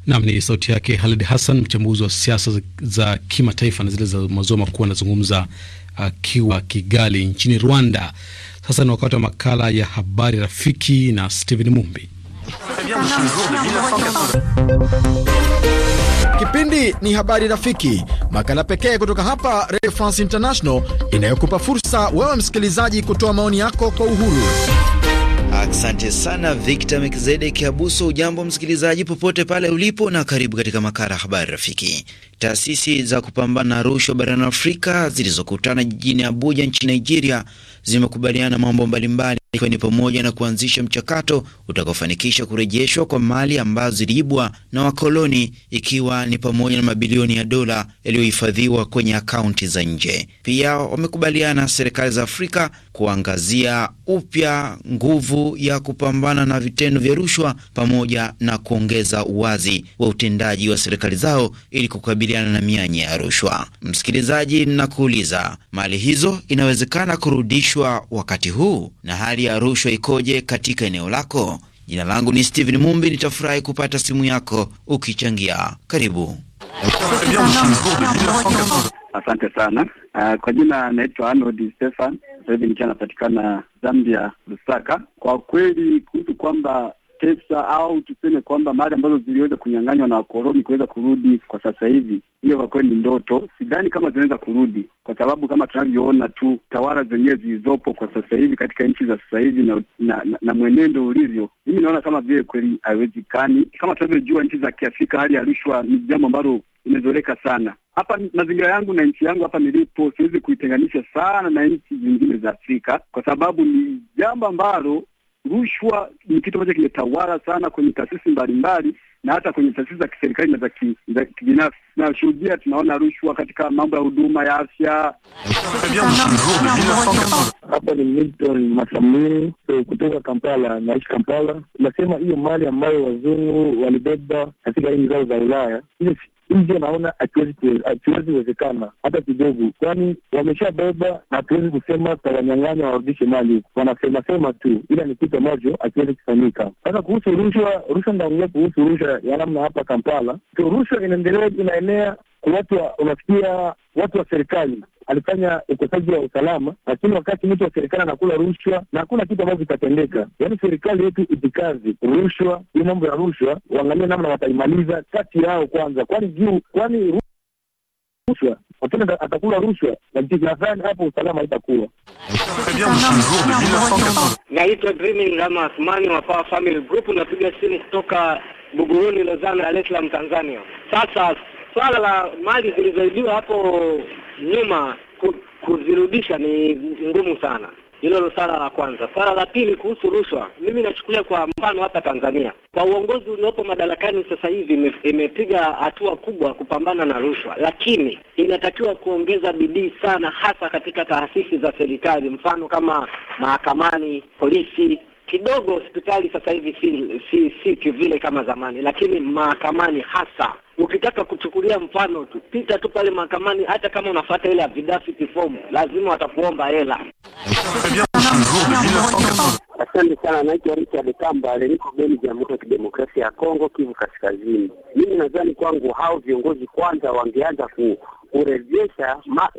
Nam ni sauti yake Halid Hassan, mchambuzi wa siasa za kimataifa na zile za maziwa makuu, anazungumza akiwa uh, Kigali nchini Rwanda. Sasa ni wakati wa makala ya habari rafiki na stehen Mumbi. Kipindi ni habari rafiki, makala pekee kutoka hapa Radio France International inayokupa fursa wewe msikilizaji kutoa maoni yako kwa uhuru. Asante sana Victor Melkizedek Abuso. Ujambo msikilizaji, popote pale ulipo, na karibu katika makala ya habari rafiki. Taasisi za kupambana na rushwa barani Afrika zilizokutana jijini Abuja nchini Nigeria zimekubaliana mambo mbalimbali ikiwa ni pamoja na kuanzisha mchakato utakaofanikisha kurejeshwa kwa mali ambazo ziliibwa na wakoloni ikiwa ni pamoja na mabilioni ya dola yaliyohifadhiwa kwenye akaunti za nje. Pia wamekubaliana serikali za Afrika kuangazia upya nguvu ya kupambana na vitendo vya rushwa pamoja na kuongeza uwazi wa utendaji wa serikali zao ili kukabiliana na mianya ya rushwa. Msikilizaji, nakuuliza, mali hizo inawezekana kurudishwa wakati huu na hali hali ya rushwa ikoje katika eneo lako? Jina langu ni Steven Mumbi, nitafurahi kupata simu yako ukichangia. Karibu. Asante sana. Uh, kwa jina anaitwa Arnold Stefan, sasa hivi nikiwa anapatikana Zambia, Lusaka. Kwa kweli kuhusu kwamba pesa au tuseme kwamba mali ambazo ziliweza kunyang'anywa na wakoloni kuweza kurudi kwa sasa hivi, hiyo kwa kweli ni ndoto. Sidhani kama zinaweza kurudi, kwa sababu kama tunavyoona tu tawala zenyewe zilizopo kwa sasa hivi katika nchi za sasa hivi na, na, na, na mwenendo ulivyo, mimi naona kama vile kweli haiwezekani. Kama tunavyojua nchi za Kiafrika, hali ya rushwa ni jambo ambalo imezoleka sana hapa mazingira yangu na nchi yangu hapa nilipo, siwezi kuitenganisha sana na nchi zingine za Afrika kwa sababu ni jambo ambalo rushwa ni kitu ambacho kimetawala sana kwenye taasisi mbalimbali na hata kwenye taasisi za kiserikali na za kibinafsi. Tunashuhudia, tunaona rushwa katika mambo ya huduma ya afya. Hapa ni Milton Masamuni kutoka Kampala, naishi Kampala. Nasema hiyo mali ambayo wazungu walibeba katika nchi zao za Ulaya hivyo naona hatuwezi wezekana hata kidogo, kwani wameshabeba na hatuwezi kusema tawanyang'anya warudishe mali, wanasemasema tu, ila ni kitu ambacho hakiwezi kufanyika. Sasa kuhusu rushwa, rushwa ndaongea kuhusu rushwa mazingira ya namna hapa Kampala. So rushwa inaendelea, inaenea kwa watu wa, unafikia watu wa serikali alifanya ukosaji wa usalama, lakini wakati mtu wa serikali anakula rushwa na hakuna kitu ambacho kitatendeka. Yaani serikali yetu itikazi rushwa, hiyo mambo ya rushwa waangalie namna wataimaliza kati yao kwanza, kwani juu kwani rushwa wakenda atakula rushwa, nadhani hapo usalama haitakuwa. Naitwa Dreaming Rama wa Power Family Group, simu kutoka Buguruni Lozana, Dar es Salaam, Tanzania. Sasa swala la mali zilizoibiwa hapo nyuma kuzirudisha ni ngumu sana. Hilo ni swala la kwanza. Swala la pili kuhusu rushwa, mimi nachukulia kwa mfano hapa Tanzania, kwa uongozi uliopo madarakani sasa hivi imepiga hatua kubwa kupambana na rushwa, lakini inatakiwa kuongeza bidii sana, hasa katika taasisi za serikali, mfano kama mahakamani, polisi kidogo hospitali sasa hivi si si, si kivile kama zamani, lakini mahakamani hasa, ukitaka kuchukulia mfano tu, pita tu pale mahakamani, hata kama unafuata ile affidavit form, lazima watakuomba hela. Asante sana, naitwa Richard Kambale, niko Beni, Jamhuri ya Kidemokrasia ya Kongo, Kivu Kaskazini. Mimi nadhani kwangu hao viongozi kwanza wangeanza ku kurejesha ma,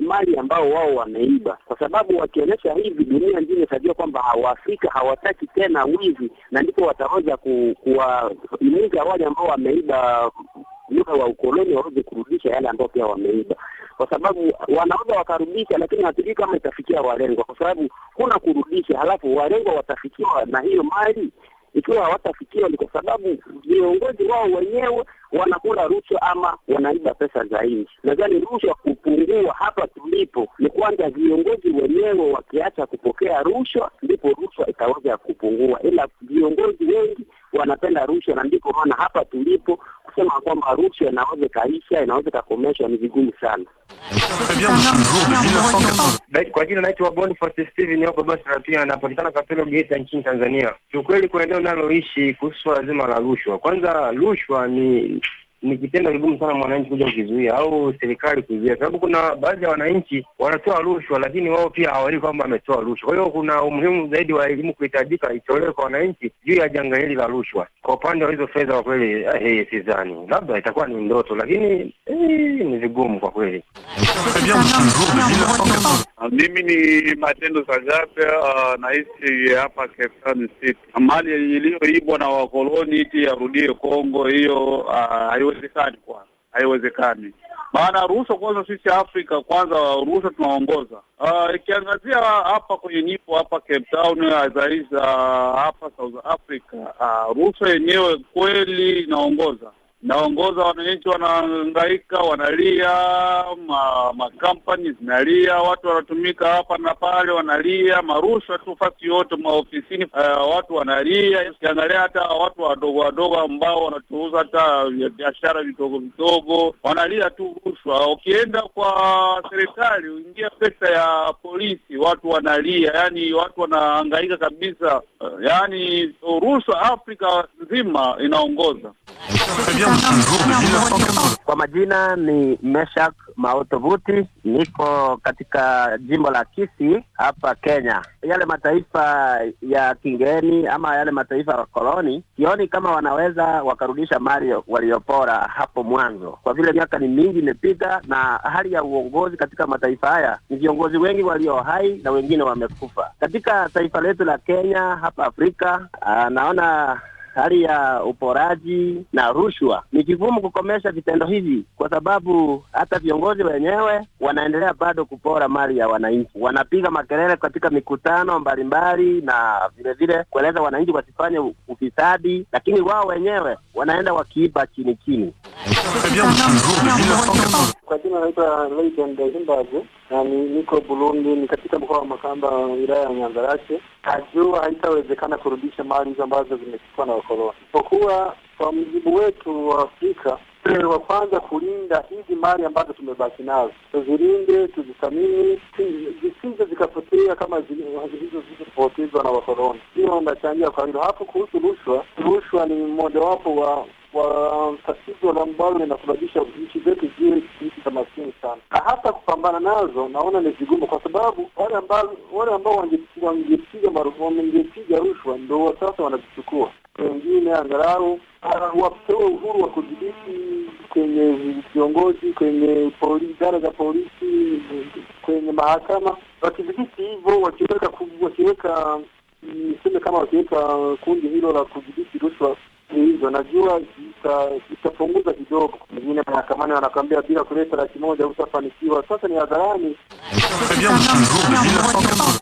mali ambao wao wameiba, kwa sababu wakionyesha hivi, dunia nzima itajua kwamba hawafika hawataki tena wizi, na ndipo wataweza kuwaimuza wale ambao wameiba muda wa ukoloni waweze kurudisha yale ambayo pia wameiba, kwa sababu wanaweza wakarudisha, lakini hatujui kama itafikia walengwa, kwa sababu kuna kurudisha, halafu walengwa watafikiwa na hiyo mali ikiwa hawatafikiwa ni kwa sababu viongozi wao wenyewe wanakula rushwa ama wanaiba pesa za nchi. Nadhani rushwa kupungua hapa tulipo ni kwanza viongozi wenyewe wakiacha kupokea rushwa, ndipo rushwa itaweza kupungua, ila viongozi wengi wanapenda rushwa, na ndiko maana hapa tulipo kusema kwamba rushwa inaweza ikaisha, inaweza ikakomeshwa ni vigumu sana. Kwa jina naitwa Boniface Steven, niko na pia napatikana Katoro Geita nchini Tanzania. Kiukweli, kwa eneo naloishi, kuhusu swala zima la rushwa, kwanza rushwa ni ni kitendo kigumu sana mwananchi kuja kukizuia au serikali kuzuia, sababu kuna baadhi ya wananchi wanatoa rushwa, lakini wao pia hawajui kwamba wametoa rushwa. Kwa hiyo kuna umuhimu zaidi wa elimu kuhitajika itolewe kwa wananchi juu ya janga hili la rushwa. Kwa upande wa hizo fedha, kwa kweli hey, eh, eh, sidhani, labda itakuwa ni ndoto, lakini hey, eh, ni vigumu kwa kweli. Mimi ni Matendo Sagape, uh, ah, naishi hapa City. Mali iliyoibwa na wakoloni iti yarudie Kongo, hiyo uh, haiwezekani kwanza, haiwezekani maana ruhusa kwanza, sisi Afrika kwanza, ruhusa tunaongoza. Ah, ikiangazia uh, hapa kwenye nipo hapa Cape Town azaiza hapa South Africa, uh, ruhusa yenyewe kweli inaongoza naongoza wananchi wanaangaika wanalia, ma, makampani zinalia, watu wanatumika hapa na pale wanalia, marushwa tu fasi yote maofisini, uh, watu wanalia. Ukiangalia hata watu wadogo wadogo ambao wanatuuza hata biashara vidogo vidogo wanalia tu rushwa. Ukienda kwa serikali, uingia pesa ya polisi, watu wanalia, yani watu wanaangaika kabisa, eh, yani rushwa Afrika nzima inaongoza kwa majina ni Meshak Maotovuti, niko katika jimbo la Kisii hapa Kenya. Yale mataifa ya kingeni ama yale mataifa ya koloni, sioni kama wanaweza wakarudisha mali waliopora hapo mwanzo, kwa vile miaka ni mingi imepita na hali ya uongozi katika mataifa haya ni viongozi wengi walio hai na wengine wamekufa. Katika taifa letu la Kenya hapa Afrika, aa, ah, naona hali ya uporaji na rushwa. Ni kigumu kukomesha vitendo hivi, kwa sababu hata viongozi wenyewe wanaendelea bado kupora mali ya wananchi. Wanapiga makelele katika mikutano mbalimbali na vilevile kueleza wananchi wasifanye ufisadi, lakini wao wenyewe wanaenda wakiiba chini chini. Kwa jina naitwa Legend Zimbabwe na niko Burundi, ni katika mkoa wa Makamba, wilaya ya nyanzarake Najua haitawezekana kurudisha mali hizo ambazo zimechukua na wakoloni, isipokuwa kwa mjibu wetu wa Afrika wa kwanza kulinda hizi mali ambazo tumebaki nazo, tuzilinde, tuzithamini, zisije zikapotea kama hizo zilizopotezwa na wakoloni. Hiyo nachangia kwa hilo. Hapo kuhusu rushwa, rushwa ni mmojawapo wa kwa um, tatizo la ambalo linasababisha nchi zetu ziwe nchi za maskini sana, na hata kupambana nazo naona ni vigumu, kwa sababu wale ambao wale ambao wangepiga wangepiga rushwa ndo sasa wanazichukua, wengine angalau ah, wapewe uhuru wa kudhibiti kwenye viongozi, kwenye idara za polisi, kwenye mahakama. Wakidhibiti hivyo, wakiweka wakiweka niseme kama wakiweka kundi hilo la kudhibiti rushwa siku hizo, najua zitapunguza kidogo. Wengine mahakamani wanakwambia bila kuleta laki moja utafanikiwa. Sasa ni hadharani.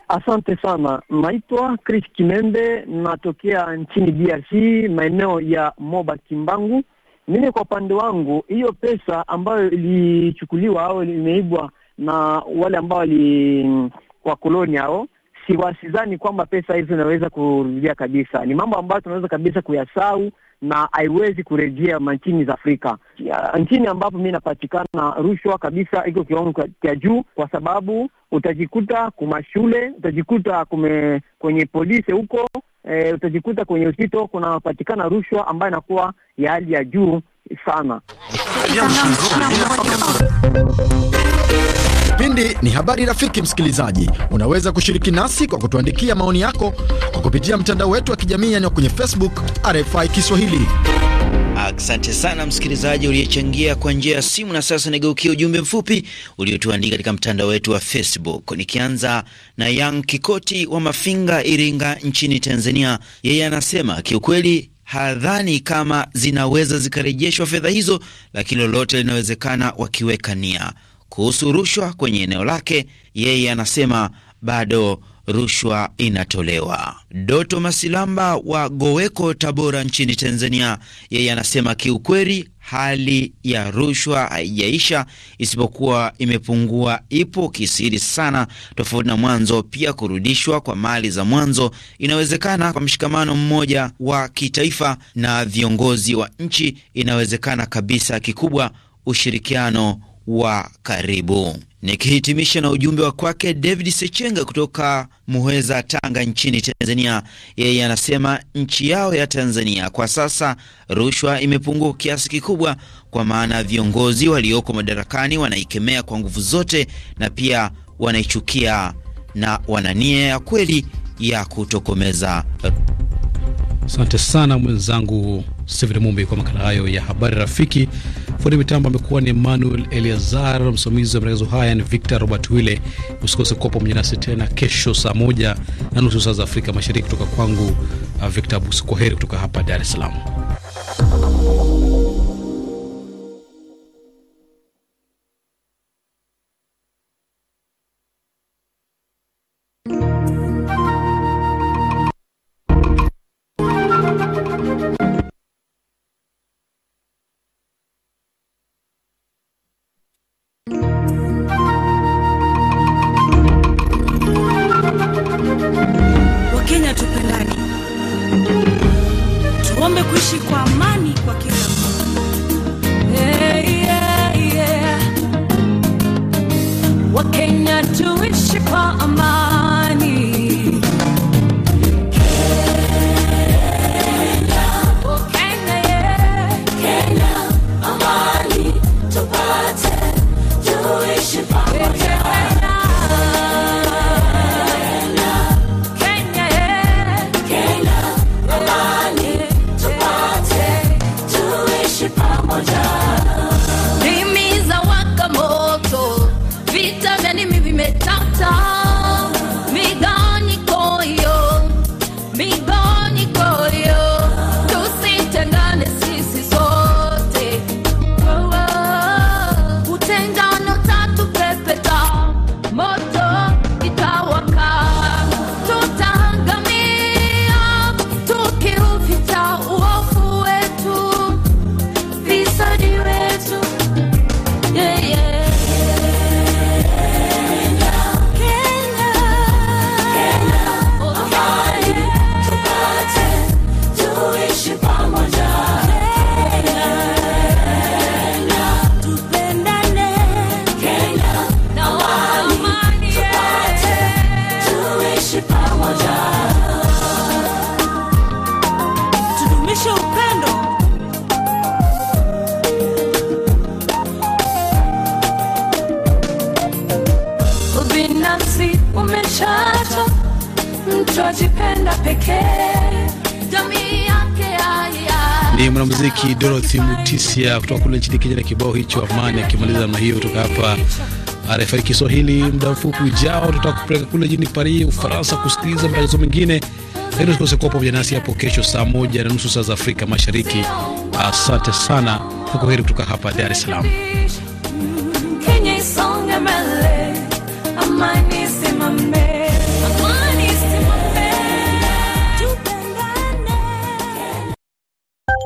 Asante sana, naitwa Chris Kimembe, natokea nchini DRC maeneo ya Moba Kimbangu. Mimi kwa upande wangu, hiyo pesa ambayo ilichukuliwa au imeibwa na wale ambao wali kwa koloni hao siwasizani kwamba pesa hizo zinaweza kurudia kabisa. Ni mambo ambayo tunaweza kabisa kuyasau na haiwezi kurejea manchini za Afrika. Nchini ambapo mi napatikana, rushwa kabisa iko kiwango cha juu, kwa sababu utajikuta kuma shule, utajikuta kume kwenye polisi huko e, utajikuta kwenye usito kunapatikana rushwa ambayo inakuwa ya hali ya juu sana Kipindi ni habari. Rafiki msikilizaji, unaweza kushiriki nasi kwa kutuandikia maoni yako kwa kupitia mtandao wetu wa kijamii yani kwenye Facebook RFI Kiswahili. Asante sana msikilizaji uliyechangia kwa njia ya simu, na sasa nigeukia ujumbe mfupi uliotuandika katika mtandao wetu wa Facebook, nikianza na Yang Kikoti wa Mafinga, Iringa, nchini Tanzania. Yeye anasema kiukweli hadhani kama zinaweza zikarejeshwa fedha hizo, lakini lolote linawezekana wakiweka nia. Kuhusu rushwa kwenye eneo lake, yeye anasema bado rushwa inatolewa. Doto Masilamba wa Goweko, Tabora nchini Tanzania, yeye anasema kiukweli, hali ya rushwa haijaisha, isipokuwa imepungua, ipo kisiri sana, tofauti na mwanzo. Pia kurudishwa kwa mali za mwanzo inawezekana kwa mshikamano mmoja wa kitaifa na viongozi wa nchi, inawezekana kabisa, kikubwa ushirikiano wa karibu. Nikihitimisha na ujumbe wa kwake David Sechenga kutoka Muheza, Tanga nchini Tanzania. Yeye anasema nchi yao ya Tanzania kwa sasa rushwa imepungua kiasi kikubwa, kwa maana viongozi walioko madarakani wanaikemea kwa nguvu zote, na pia wanaichukia na wana nia ya kweli ya kutokomeza Asante sana mwenzangu Steven Mumbi kwa makala hayo ya habari rafiki. Fundi mitambo amekuwa ni Emmanuel Eleazar, msimamizi wa matangazo haya ni Victor Robert Wille. Usikose kuwa pamoja nasi tena kesho saa moja na nusu saa za Afrika Mashariki. Kutoka kwangu uh, Victor Busu, kwa heri kutoka hapa Dar es Salaam. kusikia kutoka kule nchini Kenya na kibao hicho Amani akimaliza namna hiyo. Kutoka hapa RFI Kiswahili, muda mfupi ujao tutakupeleka kule jijini Paris, Ufaransa, kusikiliza matangazo mengine. Lakini usikose kuwa pamoja nasi hapo kesho saa moja na nusu saa za Afrika Mashariki. Asante sana kwa heri kutoka hapa Dar es Salaam.